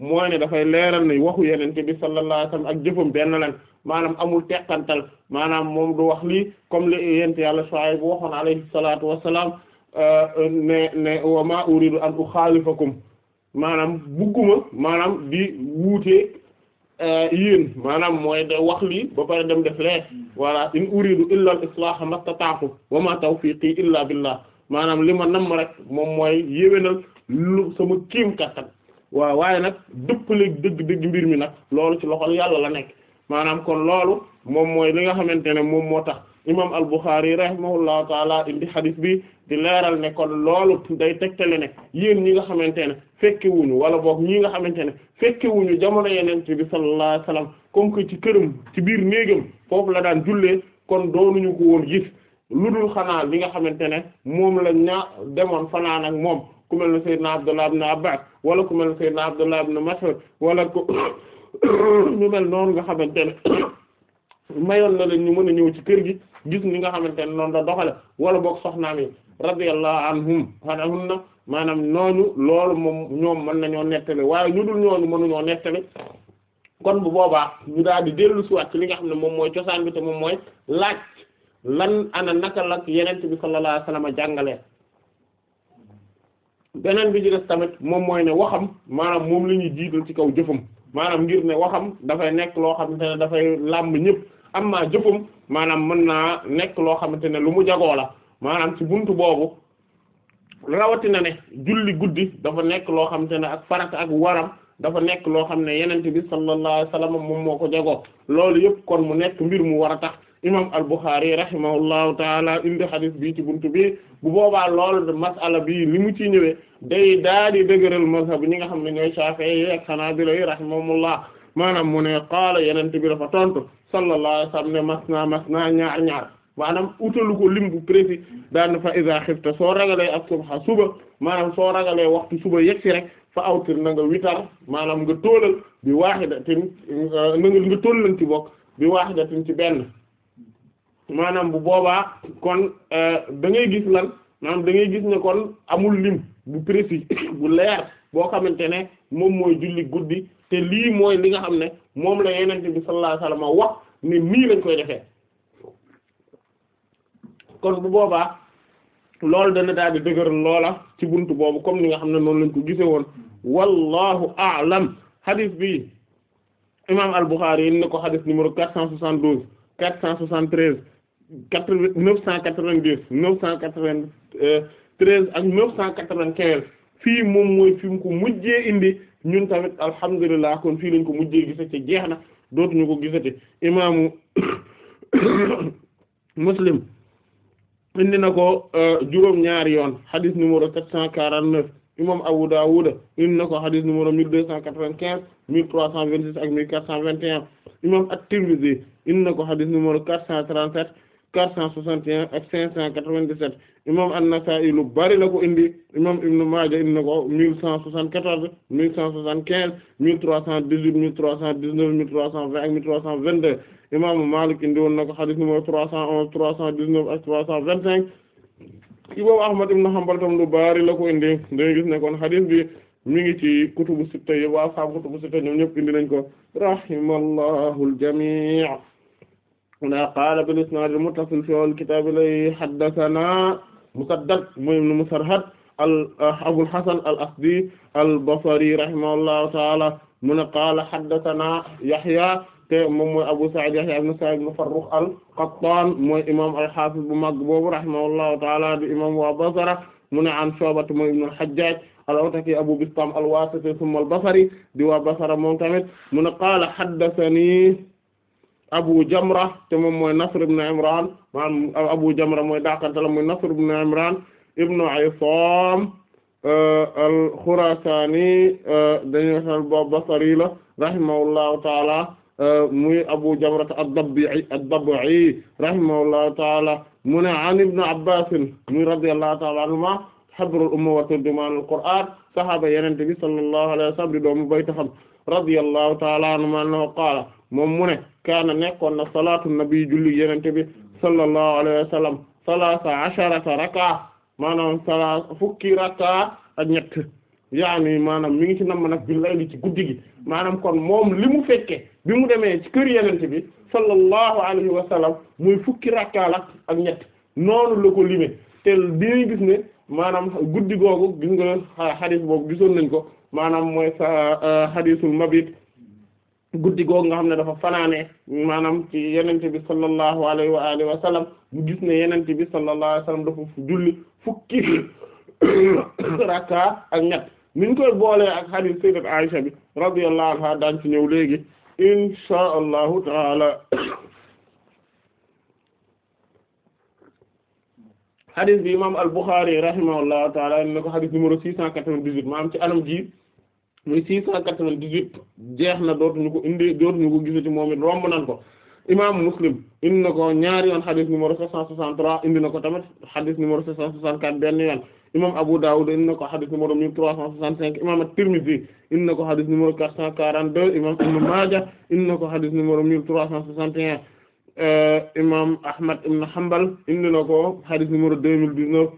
mooy ne dafay leeral ne waxu yeneen te bi sallallahu ak jëfam benn lan maanaam amul teqantal maanaam moom du wax lii comme li yent yàlla Shuayb bu waxoon alayhi salaatu wassalaam euh, ne ne wa ma uridu an ukhalifakum maanaam bugguma maanaam di wuutee euh, yéen maanaam mooy de wax lii ba pare dem def lee voilà in uridu illa al islaha mastata'tu wa ma tawfiqi illa billah maanaam li ma namm rek moom mooy yéwénal lu sama kiim kattan waaw waaye nag dëppale dëgg dëgg mbir mi nag loolu ci loxol yàlla la nekk maanaam kon loolu moom mooy li nga xamante ne moom moo tax imam al-Bukhari rahimahullahu taala indi hadith bi di leeral ne kon day tegtale ne yéen ñi nga xamante ne fekke wala boog ñi nga xamante ne fekke jamono yeneen bi sallallahu alayhi wasallam comme ci këram ci biir néegam foofu la daan jullee kon doonuñu ko woon lu dul xanaa li nga xamante ne moom la ña demoon fanaan ak moom ku mel ne Seydina Abdullah ibn Abbas wala ku mel ne Seydina Abdullah ibn Mas'ud wala ku ñu mel noonu nga xamante ne mayoon na leen ñu mën a ñëw ci kër gi gis ni nga xamante ne noonu la doxale wala boog soxnaam yi radiyallahu anhum anhunna maanaam ñooñu loolu moom ñoom mën nañoo nettali waaye ñu dul ñooñu mënuñoo nettali kon bu boobaa ñu daal di dellu siwaat ci li nga xam ne moom mooy cosaan bi te moom mooy laaj lan ana naka la yeneen bi sallallahu alayhi wasallam jàngalee beneen bi ci tamit moom mooy ne waxam maanaam moom la ñuy jiital ci kaw jëfam maanaam ngir ne waxam dafay nekk loo xamante ne dafay làmb ñëpp am naa jëfam maanaam mën naa nekk loo xamante ne lu mu jagoo la maanaam ci buntu boobu rawatina ne julli guddi dafa nekk loo xamante ne ak farata ak waram dafa nekk loo xam ne yenente bi sallallahu alayhi wasallam moom moo ko jagoo loolu yëpp kon mu nekk mbir mu war a tax imam al-Bukhari rahimahullahu taala indi hadith bi ci buntu bi bu boobaa lool masala bi li mu ci ñëwee day daa di dëgëral mazhab ñi nga xam ne ñooy Shafi'i ak Hanabila rahimahumullah maanaam mu ne qaala yenente bi dafa tontu sallallahu alayhi wa sallam ne masna masna ñaar ñaar maanaam utalu ko lim bu précis daan fa iza xifta soo ragalee ak subha suba maanaam soo ragalee waxtu suba yegsi rek fa awtir na nga witar maanaam nga tóolal bi waaxidatin na nga nga tóolal ci bokk bi waaxidatin ci benn maanaam bu boobaa kon euh, da ngay gis lan maanaam dangay gis ne kon amul lim bu précis bu leer boo xamante ne moom mooy julli guddi te lii mooy li nga xam ne moom la yenente bi sallallahu alayhi wasallam wax ne nii lañ koy defee kon bu boobaa loolu dana daal di dëgër loola ci buntu boobu comme ni nga xam ne noonu lañ ko gise woon wallahu a'lam hadith bi imam al-Bukhari yin ne ko hadith numéro quatre cent soixante-douze quatre cent soixante-treize quatre vingt neuf cent quatre vingt dix neuf cent quatre vingt treize ak neuf cent quatre vingt quinze fii moom mooy fi mu ko mujje indi ñun tamit alhamdulilah kon fii lañ ko mujjee gisati jeex na dootuñu ko gisati imaamu muslim indi na ko euh, juróom-ñaari yoon hadith numéro quatre cent quarante neuf imam Abu Dawud indi na ko hadith numéro mille deux cent quatre vingt quinze mille trois cent vingt six ak mille quatre cent vingt et un imam at indi na ko hadith numéro quatre quatre cent soixante et un ak cinq cent quatre-vingt-dix-sept imam An-Nasa'i lu bari la ko indi imam Ibn Maaja indi na ko mille cent soixante-quatorze mille cent soixante-quinze mille trois cent dix-huit mille trois cent dix-neuf mille trois cent vingt mille trois cent vingt-deux imam Malik indi woon na ko hadith trois cent onze trois cent dix-neuf ak trois cent vingt-cinq imam Ahmad ibn Hanbal tam lu bari la ko indi dañu ne kon hadith bi mi ngi mun a qaala bil isnaad al muttasil fi al kitaab li haddathana musaddad muy ibn musarhad al abul hasan al asdi al basri rahimahullahu ta'ala mun a qaala haddathana yahya te moom mooy abu sa'id yahya ibn sa'id ibn farrukh al qattan mooy imam al hafiz bu mag boobu rahimahullahu ta'ala di imam wa basra mu ne an Shu'bata mooy ibn al-Hajjaj al-Ataki Abu Bistam al-Wasiti thumma al-Basri di waa Basra moom tamit mu ne qaala haddathani Abu Jamra te moom mooy Nasr ibn Imran maanaam Abu Jamra mooy dàqantala mooy Nasr ibn Imran ibn Isam euh, al-Khurasani euh, dañu tal bo Basri la rahimahullahu taala euh, muy Abu Jamra ad-Dabi'i ad-Dabi'i rahimahullahu taala mu ne an Ibn Abbas muy radiyallahu taala anhuma habrul umma wa turjumanul Qur'an sahaaba yenente bi sallallahu alayhi wa sallam di doomu bayta xam radiyallahu taala anhuma annahu qaala moom mu ne kaana nekkoon na salaatu nabi julli yenente bi sallallahu alayhi wa sallam salaasa asharata raka maanaam fukki raka ak ñett yaani maanaam mi ngi ci nam nag bi layli ci guddi gi maanaam kon moom li mu fekke bi mu demee ci kër yenente bi sallallahu alayhi wa muy fukki rakka la ak ñett noonu la ko lime te dinañ gis ne maanaam guddi googu gis nga xadis boobu gisoon nañ ko maanaam mooy sa euh, xadisul mabit guddi googu nga xam ne dafa fanaane maanaam ci yenente bi sallallahu alayhi wa alihi wa sallam mu gis ne yenente bi sallallahu alayhi wa sallam dafa julli fukki rakka ak ñett mi koy boolee ak hadith sayyidat Aisha bi radiyallahu anha daan ci ñëw léegi insha allahu taala hadith bi imam al-Bukhari rahimahullahu taala ne ko hadith numéro six cent quatre-vingt-dix-huit maanaam ci anam ji muy six cent quatre-vingt-dix-huit jeex na dootuñu ko indi dootuñu ko gisati moom romb nan ko imam Muslim indi na ko ñaari yoon xadis numéro sept cent trois indi na ko tamit xadis numéro sept cent soixante-quatre benn yoon imam Abu Dawud indi na ko xadis numéro mille trois cent soixante-cinq imam At-Tirmidhi na ko xadis numéro quatre cent quarante-deux imam Ibn Maaja indi na ko xadis numéro mille trois cent soixante un euh, imam Ahmad ibn Hanbal indi na ko xadis numéro deux mille dix-neuf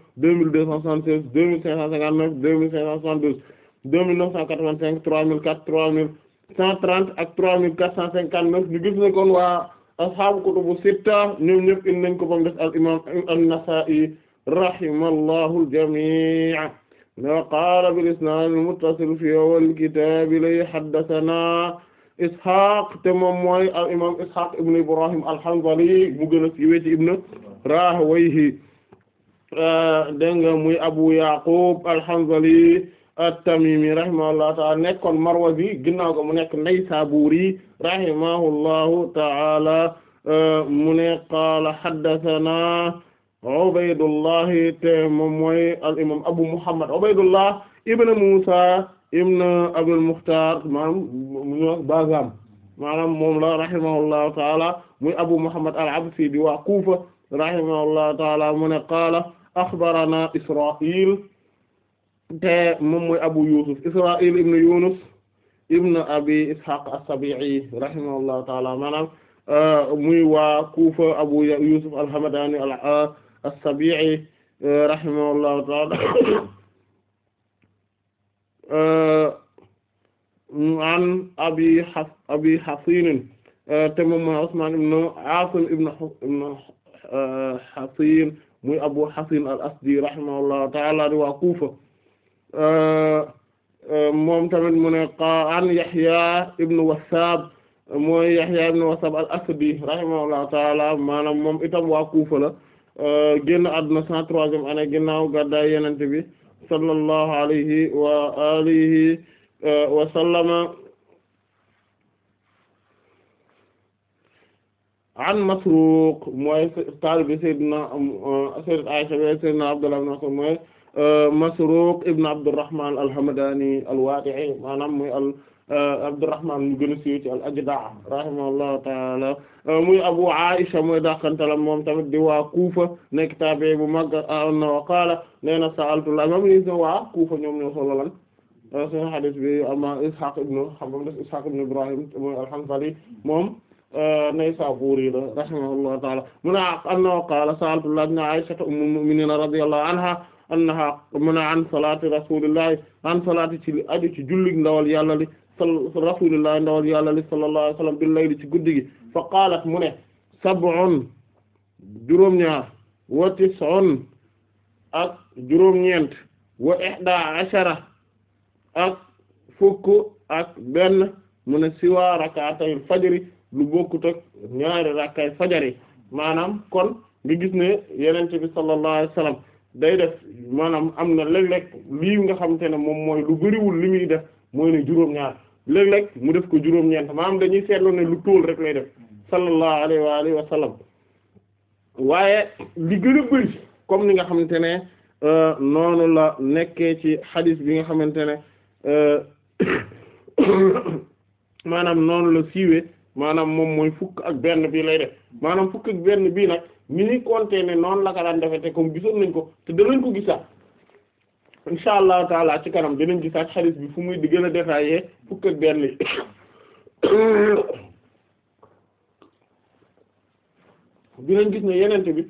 deux deux mille neuf cent quatre-vingt-cinq trois mille quatre trois mille cent trente ak trois mille quatre cent cinquante-neuf ñu gis ne kon waa ashaabu kutubu sitta ñoom ñëpp indi nañ ko bam al imam an-Nasa'i rahimallahu al-jami' wa qaala bil-isnaad al-muttasil fi awwal kitaab li haddathana Isxaq te moom mooy al imaam Isxaq ibn Ibrahim al-Hanzali mu gën a siiwee ci ibn Rahawayhi Abu Yaqub al-Hanzali at-Tamimi rahimahullahu ta'ala nekkoon Marwazi ginnaaw ga mu nekk Naysaburi rahimahullahu ta'ala mu ne qaala haddathana Ubaydullah te moom mooy al-imam Abu Muhammad Ubaydullah ibn Musa ibn Abdul Mukhtar maanaam Bazam maanaam moom la rahimahullahu ta'ala muy Abu Muhammad al-Absi di waa Kufa rahimahullahu ta'ala mu ne qaala akhbarana Isra'il te moom mooy abu yusuf israil ibn yunus ibn abi ishaq as-sabi'i rahimahullahu taala maanaam uh, muy waa kuufa abu yusuf al-hamadani uh, as-sabi'i uh, rahimahullahu taala an abi ha abi hasin te moom mooy usman ibn asim ibn ibn hasin muy abu hasin al-asdi rahimahullahu taala di waa kuufa Euh, euh, moom tamit mu ne an Yahya ibn Wassab mooy Yahya ibn Wassab al-Asadi rahimahullahu taala maanaam moom itam waa Kufa la euh, génn àdduna cent troisième année ginnaaw gàddaay Yonent bi sallallahu alayhi wa alihi wa sallama an Masruq mooy taalibe Sayyidina Sayyidina Aisha Sayyidina Abdullah ibn Mas'ud mooy Euh, Masruq ibn Abdurrahman al-Hamdani al-Wadi'i maanaam muy al euh, Abdurrahman ñu gën a siiw ci al-Ajda' rahimahullahu ta'ala euh, muy Abu Aisha mooy dàqantalam moom tamit di waa Kufa nekk tabe bu mag na wa qaala nee na sa'altu la moom ni waa Kufa ñoom ñoo solo lan seen hadith bi ama Ishaq ibn Hanbal Ishaq ibn Ibrahim mooy al-Hanzali moom Naysaburi la rahimahullahu ta'ala mun anna wa qaala sa'altu la ibn Aisha ummul mu'minin radiyallahu anha annaha mun a an salaati rasulillahi an salaati ci aju ci jullig ndawal yàlla li rasulillahi ndawal yàlla li sallallahu alayhi wa sallam ci guddi fa qaalat mu ne sab'un juróom-ñaar wa tis'un ak juróom-ñeent wa ihda ashara ak fukk ak benn mu ne siwa rakatayil fajari lu bokkut ak ñaari rakkay fajari maanaam kon nga gis ne bi sallallahu alayhi day def maanaam am na léeg-léeg lii nga xamante ne moom mooy lu bariwul li muy def mooy ne juróom-ñaar léeg-léeg mu def ko juróom-ñeent maanaam dañuy seetlu ne lu tóol rek lay def sallallahu alayhi wa alihi wa sallam waaye li gën a comme ni nga xamante ne euh, noonu la nekkee ci xadis bi nga xamante ne euh, maanaam noonu la siiwee maanaam moom mooy fukk ak benn bii lay def maanaam fukk ak benn bii nag mi ngi compter ne noonu la ko daan defee te comme gisoon nañ ko te danañ ko gisaat insha allahu taala ci kanam dinañ gisaat xadiis bi fu muy di gën a détaillé fukk ak benn yi gis ne yenente bi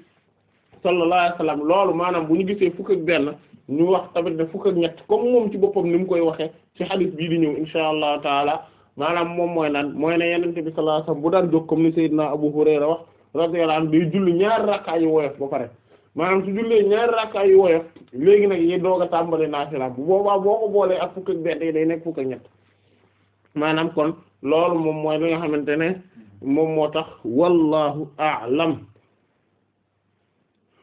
sallallahu alayhi wasallam loolu maanaam bu ñu gisee fukk ak benn ñu wax tamit ne fukk ak ñett comme moom ci boppam ni mu koy waxee ci xadiis bii di ñëw insha allahu taala maanaam moom mooy lan mooy ne yenente bi sallallahu alayhi wasallam bu daan jóg comme ni Seydina Abu Hurayra wax radiyallahu anhu day julli ñaari rakkaa yu woyof ba pare maanaam su jullee ñaari rakkaa yu léegi nag yi doog a tàmbale naafila bu boobaa boo ko boolee ak fukk ak benn yi day nekk fukk ak ñett maanaam kon loolu moom mooy li nga xamante ne moom moo tax wallahu a'lam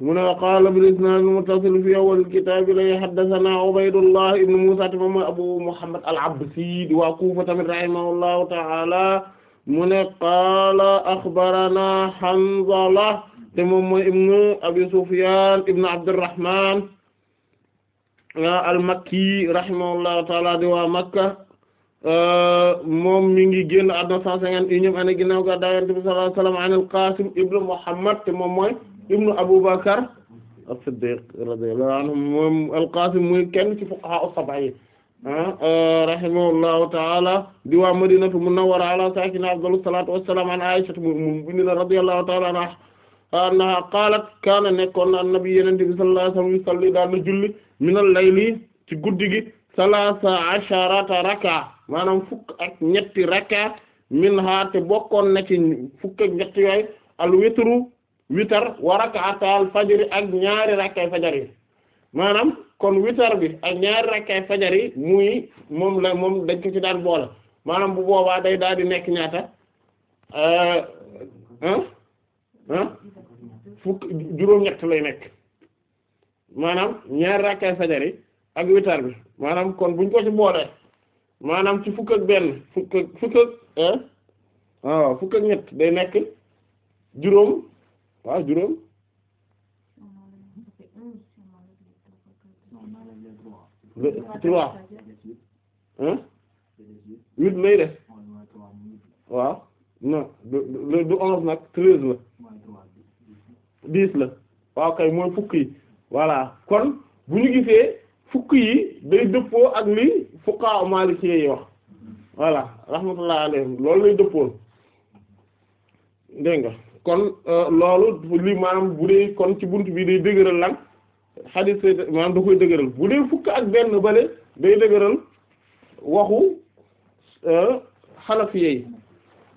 mu ne qaala bil isnaad al muttasil fi awwal al lay haddasanaa Abu Muhammad al-Absi di waa Kuufa tamit rahimahullahu ta'ala mu ne qaala axbarana Hanzala te moom mooy ibnu Abi Sufyan ibnu Abdurrahman ah, al-Makki rahimahullahu taala di waa Makka ah, moom mi ngi génn àdduna cent cinquante unième année ginnaaw gàddaay Yonent bi sallallahu alayhi wa sallam an al-Qasim ibnu Muhammad te moom mooy ibnu Abubakar as-Siddiq radiyallahu anhu moom al-Qasim muy kenn ci fuqaha as-sab'a Ah, rahimahullahu taala di waa madinatu munawwara ala sakina afdalu salatu wassalam an Aisha mu bini la radiyallahu taala anha annaha qalat kaana nekkoon na annabi yenente bi sallallahu alayhi wasallam yusalli daan na julli minal layli ci guddi gi salasa asharata raka maanaam fukk ak ñetti raka min ha te bokkoon na ci fukk ak ñetti yooyu al witru witar wa rak'atal fajr ak ñaari rakay fajar yi maanaam kon witar bi ak ñaari rakkay fajar yi muy moom la moom dañ ko ci daan boole maanaam bu boobaa day daal di nekk ñaata ah ah fukk juróom-ñett lay nekk maanaam ñaari rakkay fajar yi ak witar bi maanaam kon buñ ko ci boole maanaam ci fukk ak benn fukk ak fukk ak ñett day nekk juróom waaw juróom. trois huit lay def waaw non du du onze nag treize la dix la waaw kay mooy fukk yi voilà kon bu ñu gisee fukk yi day dëppoo ak li fuqaa maliki yi wax voilà rahmatullah alayhim loolu lay dëppoon dégg nga kon euh, loolu li maanaam bu dee kon ci bunt bi day dëgëral lan xadis maanaam da koy dëgëral bu dee fukk ak benn bale day dëgëral waxu euh, xalafi yi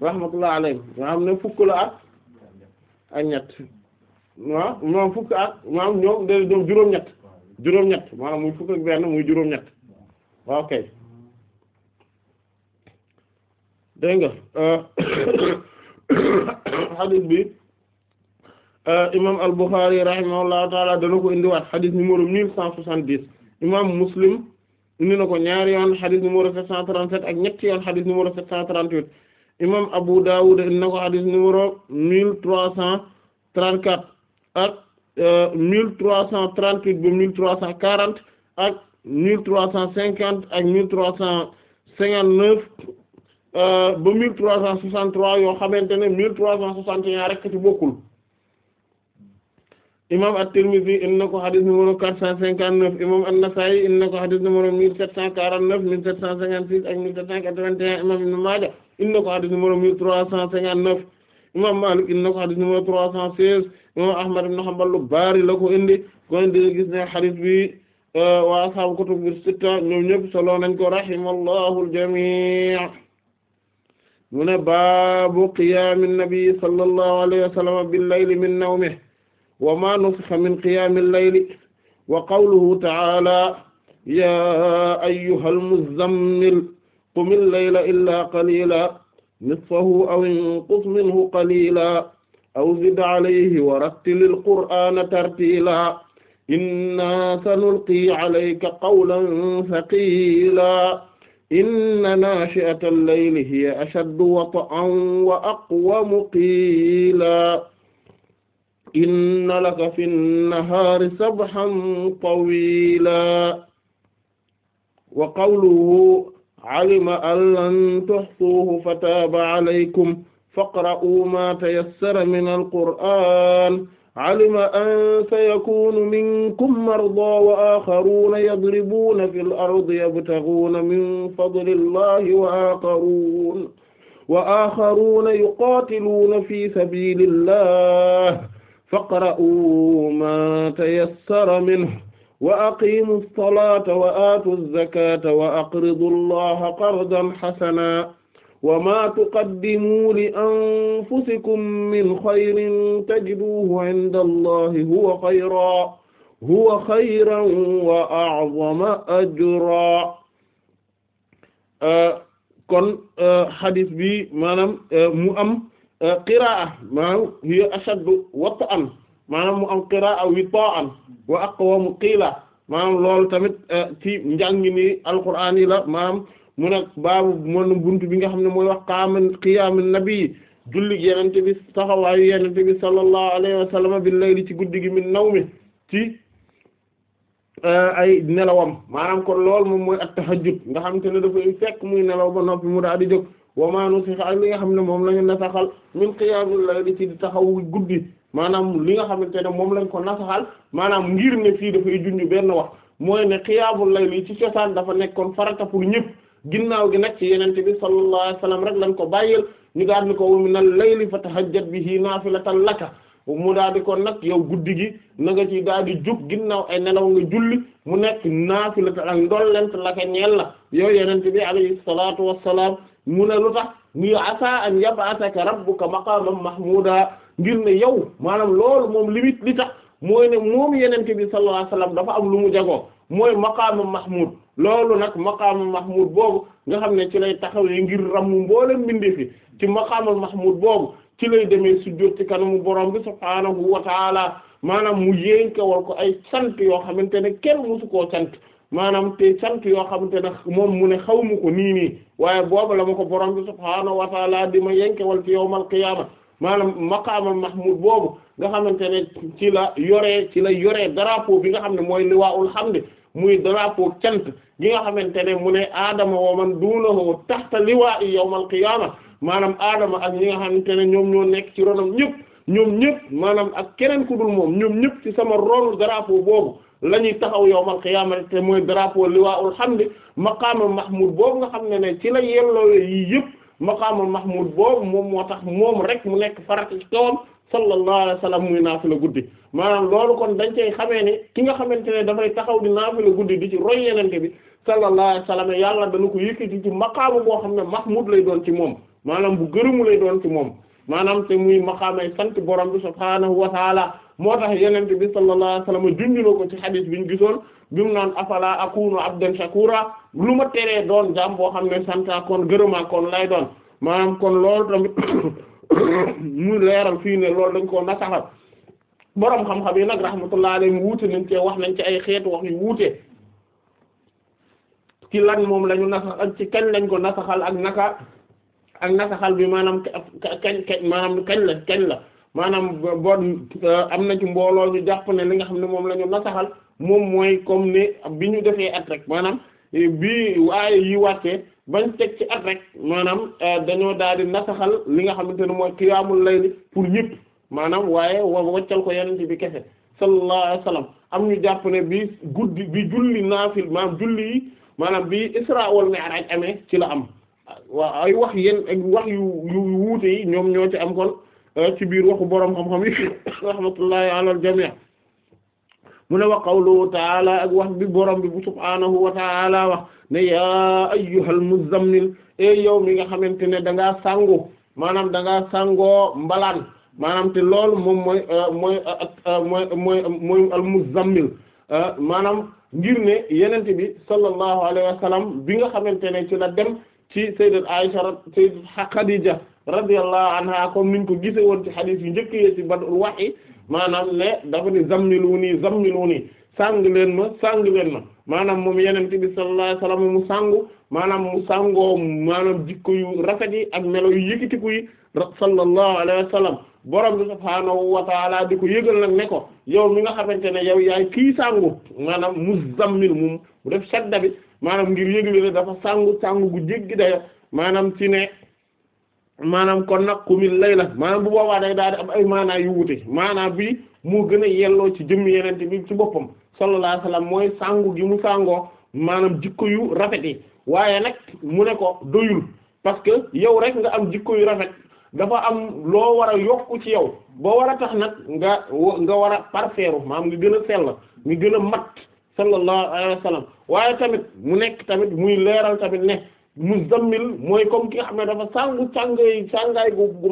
rahmatullah alayhi maanaam ne fukk la ak ak ñett waaw maanaam fukk ak maanaam ñoom da juróom-ñett juróom-ñett maanaam muy fukk ak benn muy juróom-ñett waaw kay dégg nga euh, bi Euh, imam al-Bukhari rahimahullahu taala dana ko indiwaat xadis numéro mille cent soixante-dix imam Muslim indi na ko ñaari yoon xadis numéro sept cent trente-sept ak ñetti yoon xadis numéro sept cent trente-huit imam Abu Dawud indi na ko xadis numéro mille trois cent trente-quatre ak euh, mille trois cent trente-huit ba mille trois cent quarante ak mille trois cent cinquante ak mille trois cent cinquante-neuf euh, ba mille trois cent soixante-trois yoo xamante ne mille trois cent soixante et imam at-Tirmidhi in na ko xadis numéro quatre cent cinquante neuf imam an-Nasa'i in ko xadis numéro mille sept cent quarante neuf mille sept cent cinquante six ak mille sept cent quatre vingt et un imam Ibn Maaja in na ko xadis numéro trois cent cinquante neuf imam Malik in ko xadis numéro trois cent seize imam Ahmad ibn Hanbal bari la indi kon di gis ne xadis bi euh, wa ashaabu sitta ñoom ñëpp solo nañ ko rahimallahu al wa ma nusikha min qiyaamil layli wa qawluhu ta'ala ya ayyuhal muzzammil qumil layla illaa qaliila nisfahu aw inqus minhu qaliila aw zid alayhi wa rattilil qur'aana tartiila innaa sanulqii alayka qawlan saqiila inna naashi'atal layli hiya ashaddu wat'an wa aqwamu qiila inna laka fi nnahaari sabhan tawila wa qawluhu alima an lan tuhsuuhu fataaba alaykum faqra'uu ma tayassara min alqur'aan alima an sayakuunu minkum mardaa wa aakharuuna yadribuuna fi l-ardi yabtaghuuna min fadli llaahi wa aakharuuna wa aakharuuna yuqaatiluuna fi sabiili llaah faqra'u ma tayassara minhu wa aqimu as-salata wa atu az-zakata wa aqridu allaha qardan hasana wa ma tuqaddimu li anfusikum min khayrin tajiduhu 'inda allahi huwa khayran huwa khayran wa a'zama ajra kon hadith bi maanaam mu am Euh, qiraa maanaam hiya ashaddu wat'an maanaam mu am qiraa maanaam loolu tamit euh, ci njàngi ni alquraan yi mu nekk baabu mën buntu bi nga xam ne mooy wax qaama qiyaamu nabi julli yenente bi taxawaayu yenente bi sallallahu alayhi wa sallam ci guddi gi min nawmi ci euh, ay nelawam maanaam kon loolu moom mooy at tahajjud nga xam te ne dafay fekk muy nelaw ba noppi mu daal di jóg wa maa nusikha ak li nga xam ne moom lañu nasaxal min qiyaamul layli ci di taxawu guddi maanaam li nga xamante ne moom lañ ko nasaxal maanaam ngir ne fii dafay junj benn wax mooy ne qiyaamul layli ci cosaan dafa nekkoon farata pour ñëpp ginnaaw gi nag ci yenente bi sallallahu alayhi wasallam rek lañ ko bàyyil ñu daal ni ko wa minal layli fatahajjad bihi naafilatan laka mu daal di kon nag yow guddi gi na nga ci daal di jug ginnaaw ay nelaw nga julli mu nekk naafila ak ndollent la ka ñeel la yow yenente bi alayhi salaatu wassalaam mu ne lu tax muy asaa an yab'athaka rabbuka maqaman mahmuda ngir ne yow maanaam loolu moom limite li tax mooy ne moom yenente bi sallallahu alayhi dafa am lu mu jagoo mooy maqaama mahmud loolu nag maqaama mahmud boobu nga xam ne ci lay taxaw taxawee ngir ramm mboolem mbindee fi ci maqaama mahmud boobu ci lay demee sujjóot ci kanamu borom bi subhaanahu wa taala maanaam mu yénkewal ko ay sant yoo xamante ne kenn musu koo sant maanaam te sant yoo xamante ne moom mu ne xaw mu ko nii nii waaye booba la mu ko borom bi subhaanahu wa taala di ma yénkewal ci yawmal qiyaama maanaam maqaamal mahmud boobu nga xamante ne ci la yoree ci la yoree drapeau bi nga xam ne mooy liwaa'ul hamd muy drapeau cant gi nga xamante ne mu ne aadama wa man duunahu liwa liwaa'i yawmal qiyaama maanaam aadama ak ñi nga xamante ne ñoom ñoo nekk ci ronam ñëpp ñoom ñëpp maanaam ak keneen ku dul moom ñoom ñëpp ci sama ronu drapeau boobu la ñuy taxaw yowmal xiyaama te mooy drapeau liwaa'ul hamd maqaama mahmud boobu nga xam ne ci la yelloowe yii yëpp maqaama mahmud boobu moom moo tax moom rek mu nekk farata ci kawam sallallahu alayhi wa sallam muy naafila guddi maanaam loolu kon dañ cey xamee ne ki nga xamante ne dafay taxaw di naafila guddi di ci roy yenente bi sallallahu alayhi wa yàlla dana ko yëkkati ci maqaama boo xam ne mahmud lay doon ci moom maanaam bu gërëmu lay doon ci moom maanaam te muy maqaamay sant borom bi subhaanahu wa moo tax yenent bi sallallahu alayhi wasallam junjuna ko ci xadis bi ñu gisoon bi mu naan afala akunu abdan shakura lu ma teree doon jaam xam ne santa kon gërëmaa kon lay doon maanaam kon loolu tamit mu leeral fii ne loolu dañ koo nasaxal boroom xam-xam yi nag rahmatullah alayhi wuute nañ cee wax nañ ci ay xeetu wax yu wuute ci lan moom lañu ñu ci kañ lañ ko nasaxal ak naka ak nasaxal bi maanaam kañ kañ maanaam kañ la kañ la maanaam boo am na ci mbooloo ñu jàpp ne li nga xam ne moom la ñu nasaxal moom mooy comme ne bi ñu defee at rek maanaam e, bi waaye yi wàccee bañ teg ci at rek maanaam e, dañoo daal di nasaxal li nga xamante ne mooy qiyaamul layli pour ñëpp maanaam waaye waccal ko yenente bi kese sallallahu alayhi am ñu jàpp ne bi guddi bi julli naafil maanaam julli yi maanaam bi isra wal mi'raj amee ci la am waaw ay wax yenn wax yu yu wuute yi ñoom ñoo ci am kon euh, ci biir waxu boroom xam-xam yi rahmatullahi ala al jami' mu ne wa qawluhu taala ak wax bi boroom bi bu subhaanahu wa taala wax ne yaa ayyuhal muzzammil e yow mi nga xamante ne da ngaa sangu maanaam da ngaa sangoo mbalaan maanaam te lool moom mooy euh, mooy euh, mooy mooy mooy al muzzammil maanaam ngir ne yenente bi sallallahu alayhi wa bi nga xamante ne ci la dem ci sayyidat Aisha sayyidat Khadija radiyallahu anha comme niñ ko gise woon ci xadiis yu njëkk yi ci Badul Wahyi maanaam ne dafa ni zammiluni zammiluni sàng leen ma sàng leen ma maanaam moom yeneen bi sallallahu alayhi wasallam mu sangu maanaam mu sangoo maanaam jikko yu rafet yi ak melo yu yëkkatiku yi sallallahu alayhi wasallam borom bi subhaanahu wa taala di ko yëgal nag ne ko yow mi nga xamante ne yow yaay kii sangu maanaam mu zammil mu def sadda bi maanaam ngir yëgle ne dafa sangu sangu gu jéggi dayo maanaam ci ne maanaam kon nag ku mi lay la maanaam bu boobaa day daal am ay maanaa yu wute maanaa bi mu gën a yelloo ci jëmm yeneen bi ci boppam sallallahu alayhi wasallam mooy sangu gi mu sangoo maanaam jikko yu rafet yi waaye nag mu ne ko doyul parce que yow rek nga am jikko yu rafet dafa am loo war a yokku ci yow boo war a tax nag nga nga war a parfeeru maanaam nga gën a sell nga gën a mat sallallahu alayhi waaye tamit mu nekk tamit muy leeral tamit ne muzammil mooy comme ki nga xam ne dafa sàngu sàngaay sàngaay gu gu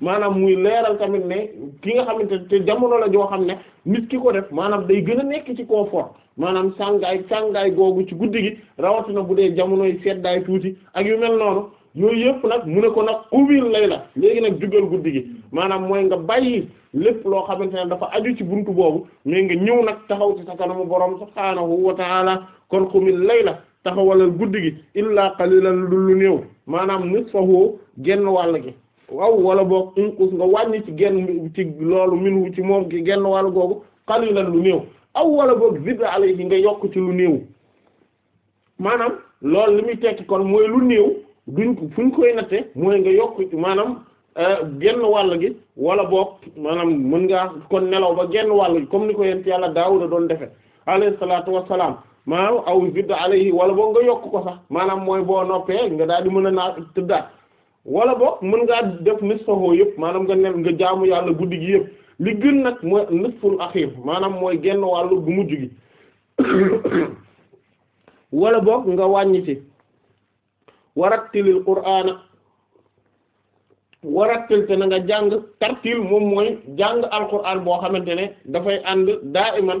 maanaam muy leeral tamit ne ki nga xamante te jamono la joo xam ne nit ki ko def gën a nekk ci confort maanaam sàngaay sàngaay googu ci guddi gi rawatina bu dee jamonoy seddaay tuuti ak yu mel noonu yooyu yëpp nag mu ne ko nag xubil lay la léegi nag jugal guddi gi maanaam mooy nga bàyyi lépp loo xamante ne dafa aju ci buntu boobu mais nga ñëw nag taxaw ci sa kanamu borom subhaanahu wa kon qumil layla taxawalal guddi gi illaa qalilan lu lu néew maanaam nisfahu genn wàll gi waaw wala book unqus nga wàññi ci genn ci loolu minhu ci moom gi genn wàll googu qalilan lu néew aw wala boog zid alayhi nga yokk ci lu néew maanaam loolu li muy tekki kon mooy lu néew duñ fu ñu koy natte mooy nga yokk maanaam euh, genn wàll gi wala book maanaam mën ngaa kon nelaw ba genn wàll gi comme ni ko yent yàlla Daawuda doon defe alayhi salaatu wassalaam maanaam aw zidd alayhi wala boog nga yokk ko sax maanaam mooy boo noppee nga daal di mën a naa tëddaat wala boog mën ngaa def nisfahu yëpp maanaam nga nen nga jaamu yàlla guddi gi yëpp li gën nag mooy nisful axiir maanaam mooy genn wàllu gu mujj gi wala boog nga wàññi ci warattilil qur'aana warattil te na jàng tartil moom mooy jàng alquran boo xamante ne dafay ànd daa iman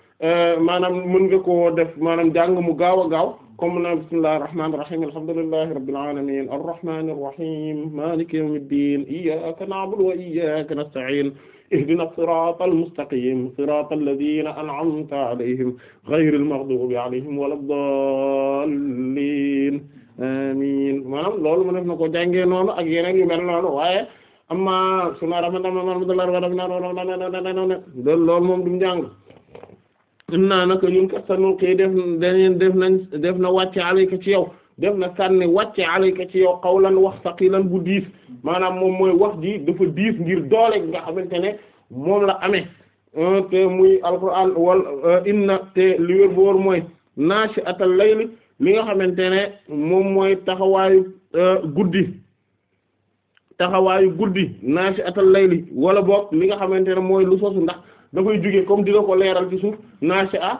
Euh, maanaam mën nga koo def maanaam jàng mu gaaw a gaaw comme na bismillahir rahmanir rahim alhamdulillahi rabbil alamin arrahmanir rahim maliki yawmiddin iyyaka na'budu wa iyyaka nasta'in ihdina siratal mustaqim siratal ladina an'amta alayhim ghayril maghdubi alayhim waladdallin amin maanaam loolu mu def na ko jàngee noonu ak yeneen yu mel noonu waaye amma suna rahmatullahi wa barakatuh loolu moom du jàng inna naka ñun kat sanul kay def dañeen def nañ def na wàcce alayka ci yow def na sànni wàcce alayka ci yow qawlan wax saqilan bu diis maanaam moom mooy wax ji dafa diis ngir doole nga xamante ne moom la amee te wal euh, inna te li wér boor mooy naashi'atal layli li nga xamante ne moom mooy taxawaayu euh, guddi taxawaayu guddi naashi'atal layli wala boog li nga xamante ne mooy lu sosu ndax da koy jugee comme dina ko leeral ci suuf nasha'a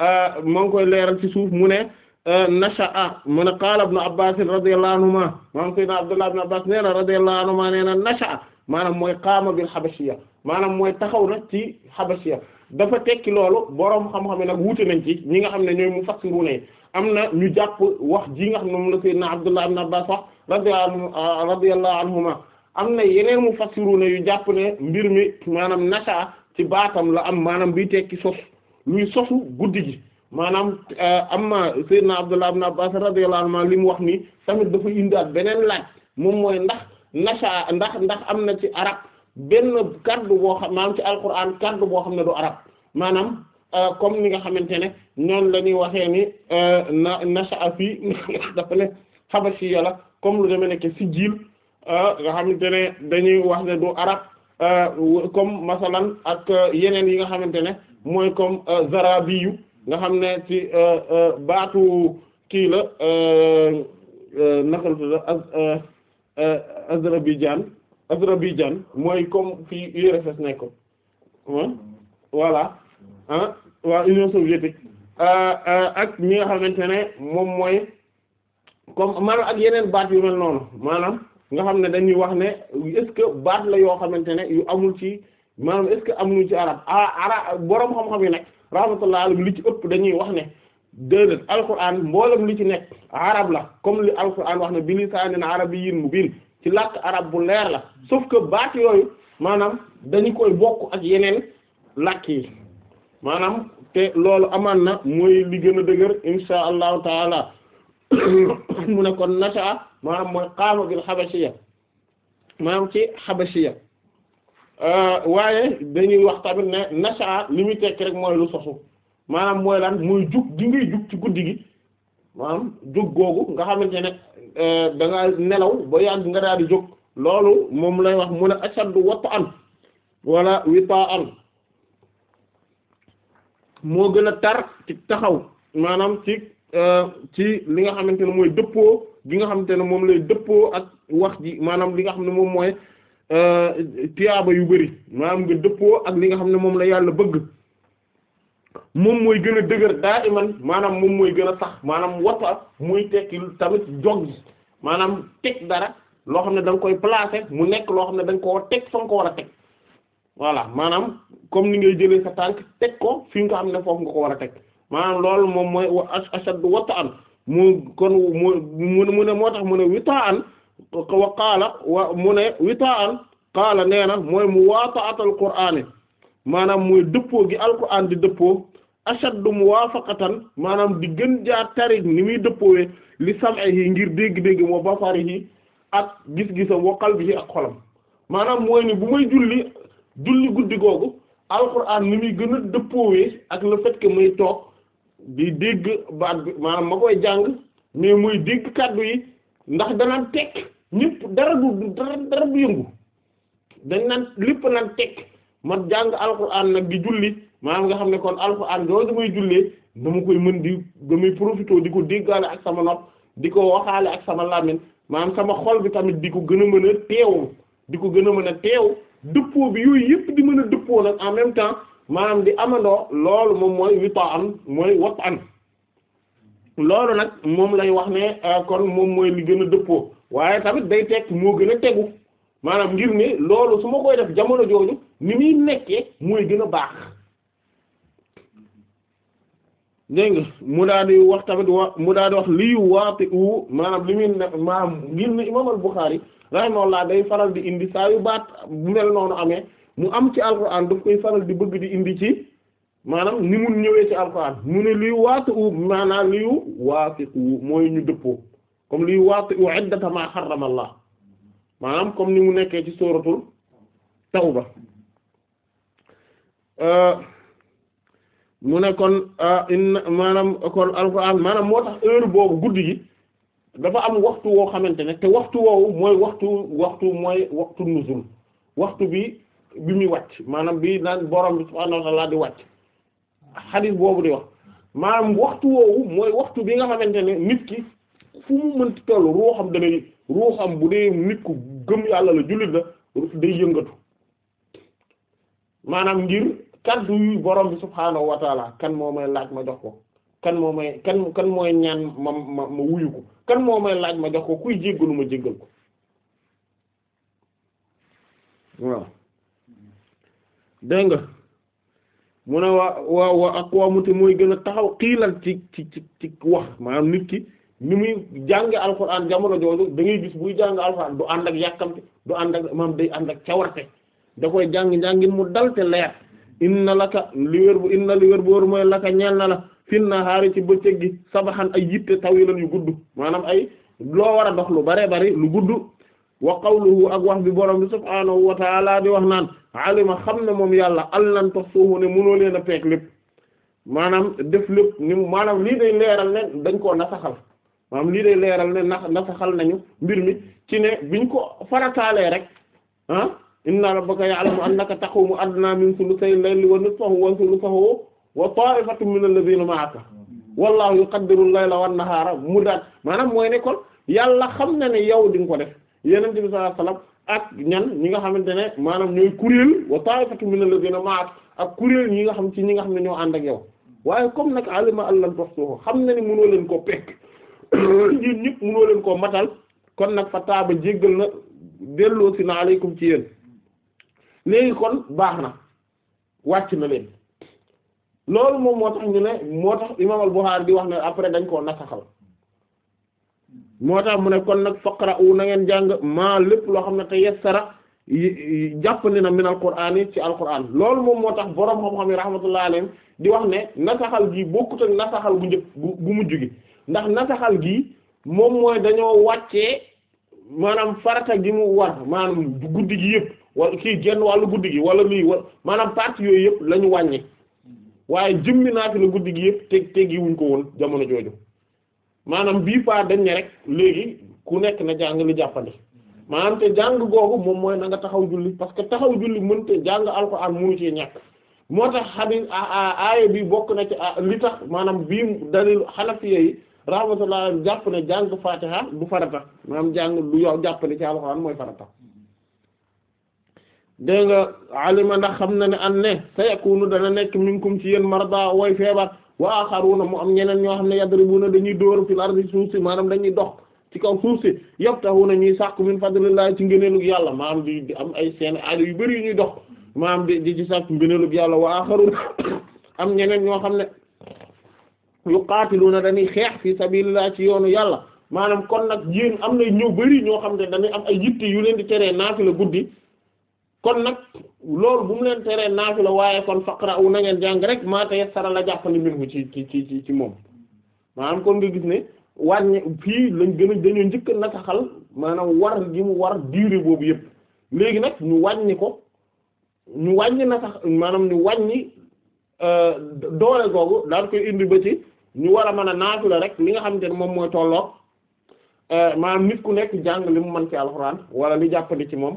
euh, moo ngi koy leeral ci suuf mu ne euh, nasha'a mu ne qaala ibn Abbas radiyallahu anhuma maanaam sayyidina Abdullah ibn Abbas nee na radiyallahu anhuma nee na nasha'a maanaam mooy qaama bil habashiyya maanaam mooy taxaw na ci habashiyya dafa tekki loolu boroom xam-xam nag wuute nañ ci ñi nga xam ne ñooy mufassiruna am na ñu jàpp wax ji nga xam ne moom la sayyidina Abdullah ibn Abbas wax radiyallahu anhuma am na yeneen mu mufassiruna yu jàpp ne mbir mi maanaam nasha'a ci baatam la am maanaam luy tekki sos luy sosu guddi gi maanaam euh, amma Seydina Abdullah ibn Abbas radiyallahu anhu li mu wax ni tamit dafa indaat beneen laaj moom mooy ndax nacha ndax ndax am na ci arab benn kaddu boo xam maanaam ci alquran kaddu boo xam ne du arab maanaam euh, comme ni nga xamante ne noonu la ñuy waxee ni euh, na nacha fii dafa ne xabasiya la comme lu demee nekk sijil nga xamante ne dañuy wax ne du arab Euh, comme masalan ak euh, yeneen yi nga xamante ne mooy comme euh, zarabiyu nga xam ne ci baatu kii la naka la tudd Azerbaïdjan Azerbaïdjan mooy comme fii URSS nekk voilà ah waa Union soviétique ak mi nga xamante ne moom mooy comme maanaam ak yeneen baat yu mel noonu maanaam nga xam ne dañuy wax ne est-ce baat la yoo xamante ne yu amul ci maanaam est-ce que amul ci arab ah arab boroom xam-xam yi nag rahmatullah alam lu ci ëpp dañuy wax ne déedéet alquran mboolem li ci nekk arab la comme li alquran wax ne bi lisaanin arabiyyin mubiin ci làkk arab bu leer la sauf que baat yooyu maanaam dañu koy bokk ak yeneen làkk yi maanaam te loolu amaan na mooy li gën a dëgër insha allahu taala mu ne kon nasaa maanaam mooy qaama bil xabasiya maanaam ci xabasiya euh, waaye dañuy wax tamit ne nasha li muy tekki rek mooy lu sosu maanaam mooy lan mooy jug di ngay jug ci guddi gi maanaam jug googu nga xamante ne euh, da nga nelaw ba yàgg nga daal jóg loolu moom lay wax mu ne ashaddu wattu an wala wita an moo gën a tar ci taxaw maanaam ci euh, ci li nga xamante ne mooy dëppoo bi nga xamante ne moom lay dëppoo ak wax ji maanaam li nga xam ne moom mooy euh, tiyaaba yu bëri maanaam nga dëppoo ak li nga xam ne moom la yàlla bëgg moom mooy gën a dëgër daa man maanaam moom mooy gën a sax maanaam wata muy tekki tamit jog gi maanaam teg dara loo xam ne da nga koy placer mu nekk loo xam ne da nga koo teg fa ko war a teg voilà maanaam comme ni ngay jëlee sa tànk teg ko fi nga xam ne foofu nga ko war a teg maanaam loolu moom mooy wa ashaddu wata'an mu kon mu mu ne moo tax mu ne witaan wa qaala wa mu ne witaan qaala nee na mooy mu waataatal qur'aani maanaam mooy dëppoo gi alqur'aan di dëppoo ashaddu muwaafaqatan maanaam di gën jaa tarik ni muy dëppoowee li sam'ihi ngir dégg-dégg moo basarihi ak gis-gisam wa qalbihi ak xolam maanaam mooy ni bu may julli julli guddi googu alqur'aan ni muy gën a dëppoowee ak le fait que toog di dégg baat bi maanaam ma koy jàng mais muy dégg kàddu yi ndax danaan tekk ñëpp dara du dara dara du yëngu dañ naan lépp naan tekk ma jàng alxuraan nag di julli maanaam nga xam ne kon alxuraan jooju muy jullee dama koy mën di damay profité di ko déggaale ak sama nopp di ko waxaale ak sama làmmiñ maanaam sama xol bi tamit di ko gën a mën a teew di ko gën a mën a teew dëppoo bi yooyu yëpp di mën a dëppoo nag en même temps maanaam di amandoo loolu moom mooy wipa am mooy wopp an loolu nag moom lay wax ne euh, kon moom mooy li gën a dëppoo waaye tamit day teg moo gën a tegu maanaam ngir ne loolu su ma koy def jamono jooju ni muy nekkee mooy gën a baax dégg nga mu daal di wax tamit wa mu daal di wax liy waate u maanaam li muy ne maanaam ngir ne imaam al Buxaari laa day faral di indi saa yu baat bu mel noonu amee mu am ci alquran daf koy faral di bëgg di indi ci maanaam ni mun ñëwee ci alquran mu ne luy waatu u maanaam luyu waafiqu mooy ñu dëppoo comme luy waatu u iddata ma harrama maanaam comme ni nekkee ci suratul tawba euh, mu ne kon euh, inna maanaam kon maanaam moo tax eer boobu guddi gi dafa am waxtu woo xamante ne te waxtu woowu mooy waxtu waxtu mooy waxtu nuzul waxtu bi bi muy wàcc maanaam bi naan borom bi subhaanahu wa di wàcc xadis boobu di wax maanaam waxtu woowu mooy waxtu bi nga xamante ne nit ki fu mu mënti ruuxam danay ruuxam bu dee nit ku gëm yàlla la jullit la day yëngatu maanaam ngir kaddu yu borom bi subhaanahu wa ta'aala kan moo may laaj ma jox ko kan moo may kan kan mooy ñaan ma ma wuyu ko kan moo may laaj ma jox ko kuy jéggalu ma jéggal ko waaw dégg nga mu ne waa waa waa aqwamu te mooy gën a taxaw xiilal ci ci ci wax maanaam nit ki ni muy jànge alxuraan jamono jooju da ngay gis buy jàng alxuraan du ànd ak yàkkamte du ànd ak maanaam day ànd ak cawarte da koy jàng njàngin mu dal te leer inna laka li wér bu inna li wér bu wér mooy laka ñeel na la fin na xaari ci bëccëg gi sabaxan ay yitte tawilan yu gudd maanaam ay loo war a dox lu bare bari lu gudd wa qawluhu ak wax bi borom bi subhaanahu wa taala wax naan alima xam ne moom yàlla allan tax suuhu ne mënoo leen a lépp maanaam def lépp ni maanaam lii day leeral ne dañ koo nasaxal maanaam lii de leeral ne na nasaxal nañu mbir mi ci ne biñ ko farataalee rek ah inna rabbaka ya'lamu annaka taqumu adna min sulusayil layli wa nisfahu wa sulusahu wa ta'ifatun min alladhina ma'aka wallahu yuqaddiru al-layla wan nahara muddat maanaam mooy ne kon yàlla xam na ne yow di nga ko def yonent bi sallallahu alayhi wasallam ak ñan ñi nga xamante ne maanaam ñooy kuréel wa ta'ifatu min alladhina ma'ak ak kuréel ñi nga xam ci ñi nga xam ne ñoo ànd ak yow waaye comme nag alima allan tuhsuhu xam na ni mënoo leen koo pekk ñun ñëpp mënoo leen koo matal kon nag fa taaba jéggal na delloo si na aleykum ci yéen léegi kon baax na wàcc na leen loolu moom moo tax ñu ne moo tax imaam al Bukhari di wax ne après dañ koo nasaxal moo tax mu ne kon nag faqra'u na ngeen jàng maa lépp loo xam ne te yassara jàpp ni na min alquran yi ci alquran loolu moom moo tax boroom xam-xam yi rahmatullah alayhim di wax ne nasaxal gi bokkut ak nasaxal gu njëkk gu mujj gi ndax nasaxal gi moom mooy dañoo wàccee maanaam farata gi mu war maanaam guddi gi yëpp wala kii genn wàllu guddi gi wala luy wala maanaam partie yooyu yëpp la ñu wàññi waaye naa naati la guddi gi yëpp teg teggi wuñ ko woon jamono jooju maanaam bii faa dañ ne rek léegi ku nekk na jàng li jàppandi maanaam te jàng googu moom mooy na taxaw julli parce que taxaw julli mën te jàng alxuraan mënu ci ñàkk moo tax xadis aaya bi bokk na ci li tax maanaam bii dalil xanafiya yi rahmatullah jàpp ne jàng fatiha du farata maanaam jàng du yow jàppandi ci mooy farata dégg nga xam na ne an ne sayakunu dana nekk minkum ci yéen marda way feebar wa axaruuna mu am ñeneen ñoo xam ne yadribuuna dañuy dóor fil ardi suuf si maanaam dañuy dox ci kaw suuf si yabtahuuna ñuy sàkku min fadlillahi ci ngëneelug yàlla maanaam am ay seen aajo yu bari yu ñuy dox maanaam di di ci sàkku yàlla wa axaruuna am ñeneen ñoo xam ne yu yuqaatiluuna dañuy xeex fi sabilillahi ci yoonu yàlla maanaam kon nag yéen am na ñëw bari ñoo xam ne dañuy am ay yitte yu leen di teree naafila guddi kon nag loolu bu mu leen teree la waaye kon faqra'u na ngeen jàng rek maa tayassara la jàppandi minhu ci ci ci ci moom maanaam kon nga gis ne wàññi fii lañ gën a dañoo njëkk a nasaxal maanaam war gi mu war diire boobu yëpp léegi nag ñu wàññi ko ñu wàññi nasax maanaam ñu wàññi euh, doole googu daal koy indi ba ñu war a mën a naafila rek li nga xam ne moom mooy tolloog euh, maanaam nit ku nekk jàng li mu mën ci alxuraan wala li jàppandi ci moom.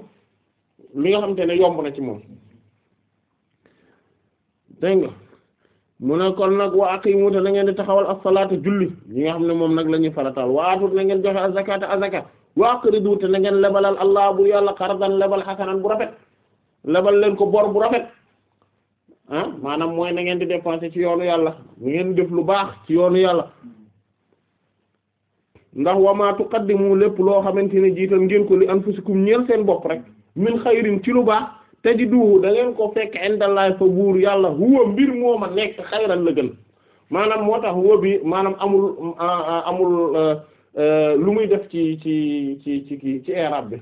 li nga xamante ne yomb na ci moom dégg nga mu ne kon nag wa aqimu te na ngeen di taxawal as-salaata julli nga xam ne moom nag la ñuy farataal waatu na ngeen joxe az-zakaata az-zakaat wa aqridu te na ngeen lebalal allah bu yàlla qardan lebal xasanan bu rafet lebal leen ko bor bu rafet ah maanaam mooy na ngeen di dépenser ci yoonu yàlla ngeen def lu baax ci yoonu yàlla ndax wa ma tuqaddimu lépp loo xamante ne jiital ngeen ko li anfusikum ñeel seen bopp rek min xayrin ci lu baax tajiduhu da ngeen ko fekk indallahi fa buur yàlla huwa mbir mooma nekk xayran la gën maanaam moo tax huwa bi maanaam amul amul lu muy def ci ci ci ci ci ci arab bi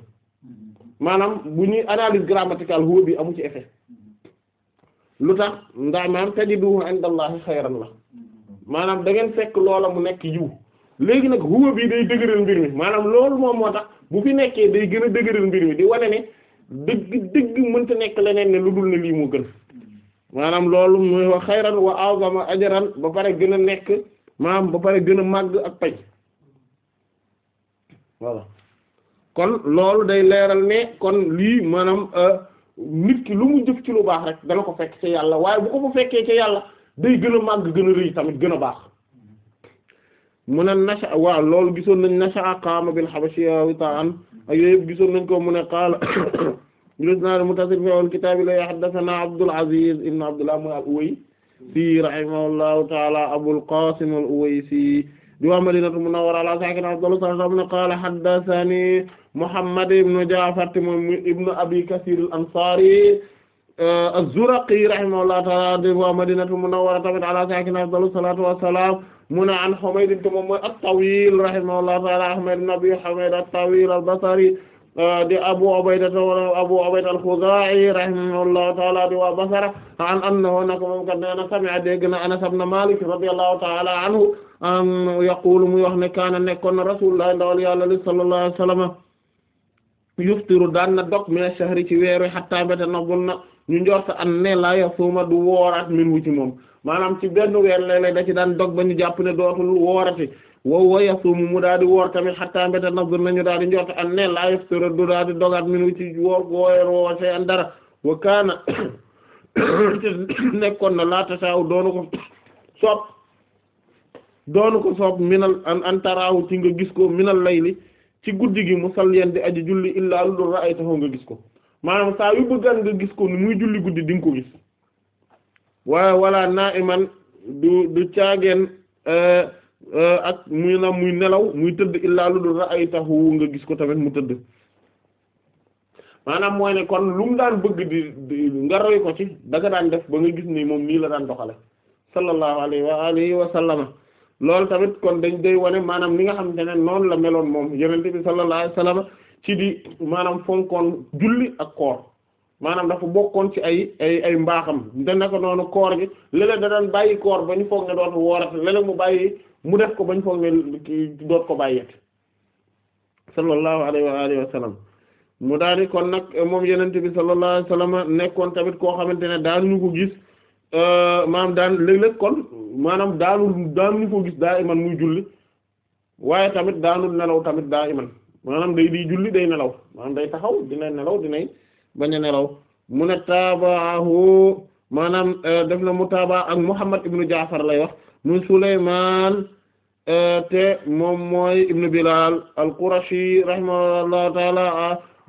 maanaam bu ñuy analyse grammaticale huwa bi amu ci effet lu tax ndax maanaam tajiduhu indallahi xayran la maanaam dangeen ngeen fekk loola mu nekk yiw léegi nag huwa bi day dëgëral mbir mi maanaam loolu moom moo tax bu fi nekkee day gën a dëgëral mbir mi di wane ne dëgg dëgg mënta nekk leneen ne lu dul ne lii moo gën maanaam loolu mooy wax xayran wa azama ajran ba pare gën a nekk maanaam ba pare gën a màgg ak pay voilà kon loolu day leeral ne kon lii maanaam euh, nit ki lu mu jëf ci lu baax rek dana ko fekk ca yàlla waaye bu ko ko fekkee ci yàlla day gën a màgg gën a rëy tamit gën a baax mu ne nasha waaw loolu gisoon nañ nasha qaama bil habashiyya witaan ak yooyu yëpp gisoon nañ ko mu ne qaala bilisnaad muttasil fi al kitaab la haddathana Abdul Aziz ibn Abdullah ibn al-Uwaysi rahimahullahu ta'ala Abul Qasim al-Uwaysi di waa Madinatu Munawwara ala saakinihaa afdalu salaam ne qaala haddathani Muhammad ibn Ja'far ibn Abi Kathir al-Ansari uh, az-Zuraqi rahimahullahu ta'ala di waa Madinatu Munawwara tamit ala saakinihaa afdalu salaatu wa salaam mu ne an Humayd te moom mooy at-Tawil rahimahullahu ta'ala Ahmad ibn Abi Humayd at-Tawil al-Basri ah, di Abu Ubayda wala Abu Ubayda al-Khuzaa'i rahimahullahu ta'ala di waa Basra an annahu nag moom kat nee na sami'a dégg na Anas ibn Malik radiyallahu ta'ala anhu yaqulu muy wax ne kaana nekkoon na Rasulullah sallallahu alayhi wa sallam yuftiru daan na dog mina shahri ci weeru hatta mbéta nabul na ñu njorta an ne la yasuma du wooraat min wu moom maanaam ci benn weer léeg-léeg da ci daan dog ba ñu jàpp ne dootul woorati wow wa yasumu mu daal di woor tamit hatta mbéta nabul na ñu daal di njorta an ne la yuftiru du daal di dogaat min wu ci woor wooweer woowa sey an dara wa kaana nekkoon na laata saaw doonu ko sopp doonu ko sopp minal an antaraaw ci nga gis ko minal layli ci guddi gi musalliyan di aji julli illaa lu dul ra'aytahu nga gis ko maanaam saa yu bëggaan nga gis ko ni muy julli guddi di nga ko gis waaye wala naa'iman du du caageen euh, euh, ak muy na muy nelaw muy tëdd illaa lu dul ra'aytahu nga gis ko tamit mu tëdd maanaam mooy ne kon lu mu daan bëgg di nga roy ko ci da daan def ba nga gis ni moom nii la daan doxale sallallahu alayhi wa alihi wa sallama loolu tamit kon dañ day wane maanaam li nga xamante ne noonu la meloon moom yonent bi sallallahu alayhi wasallam ci di maanaam fonkoon julli ak koor maanaam dafa bokkoon ci ay ay mbaaxam da naka noonu koor gi léeg da daan bàyyi koor ba ñu foog ne dootu mu bàyyi mu def ko ba ñu foog ne doot ko wa alihi mu daal di kon nag moom yenente bi sallallahu alayhi wa sallam nekkoon tamit koo xamante ne daanuñu ko gis euh, maanaam daan léeg-léeg kon maanaam daanu daanu ñu ko daa iman muy julli waaye tamit daanul nelaw tamit daa iman maanaam day di julli day nelaw maanaam day taxaw dina nelaw dinay bañ a nelaw mu ne taabaahu maanaam euh, def na mu taaba ak Muhammad ibnu Jaafar lay wax mu euh, te moom mooy ibnu Bilaal al-Qurashi rahimahullahu taala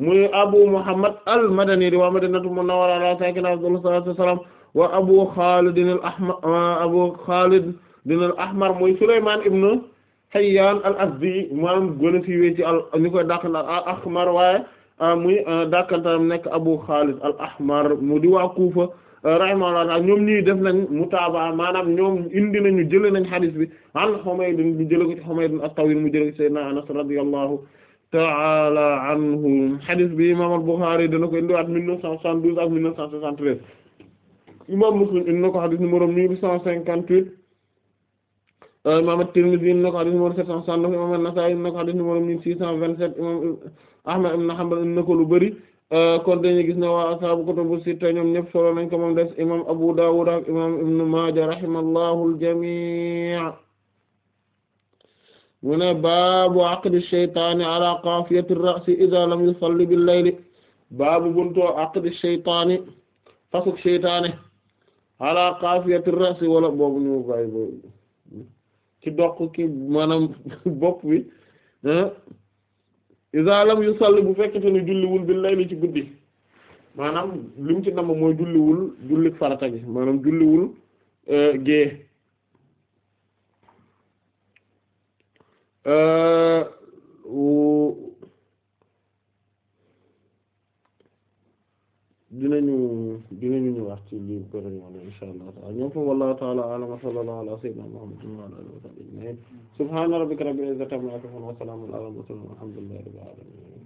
muy Abu Muhammad al-Madani di waa Madinatu Munawwara ala saakinihaa afdalu salaatu wa salaam wa abu Xaalid al-Ahmar abu Xaalid al-Ahmar mooy Sulaymaan ibn Hayyaan al-Azdi maanaam gën a siiwee ci al ñu koy dàqantal al-Ahmar waaye ah, muy ah, dàqantalam nekk abu Xaalid al-Ahmar mu di waa Kuufa rahimahullah ñoom ñii def nañ mutaaba maanaam ñoom indi nañu jëlee nañ xadiis bi an Humayd ñu jëlee ko ci Humayd at-Tawiil mu jëlee ko Seydina Anas radiyallahu ta'ala anhu xadiis bi imaam al-Buxaari dana ko indiwaat 1972 ak 1973. imam Muslim indi na ko mille cent cinquante-huit euh, imam At-Tirmidhi indi na mille six cent vingt-sept imam Ahmad ibn Hanbal indi na ko lu bari euh, kon dañuy gis ne waa ashaabu kutubu solo nañ ko moom imam Abu Dawud imam Ibn Maaja rahimallahu al-jamii' mu ne baabu aqdi shaytaani ala qaafiyati ar-ra'si idha lam yusalli bil-layli baabu buntu aqdi shaytaani fasuk shaytaani ala qafiyati rasi wala boobu ñu bàyyi boobu ci doq ki maanaam bopp bi ah, iza lam yusalli bu fekkete ne julliwul bil layli ci guddi maanaam li ci dama mooy julliwul julli farata gi maanaam julliwul eh, gée eh, dinañu dinañu ñëwaat ci li bëri yoon insha allah taala ñoom foofu wallahu taala a'lam wa sallallahu ala sayyidina muhammadin wa ala alihi wa sahbihi subhana rabbika rabbil izzati amma yasifun wa salamun ala al mursalin walhamdulillahi rabbil alamin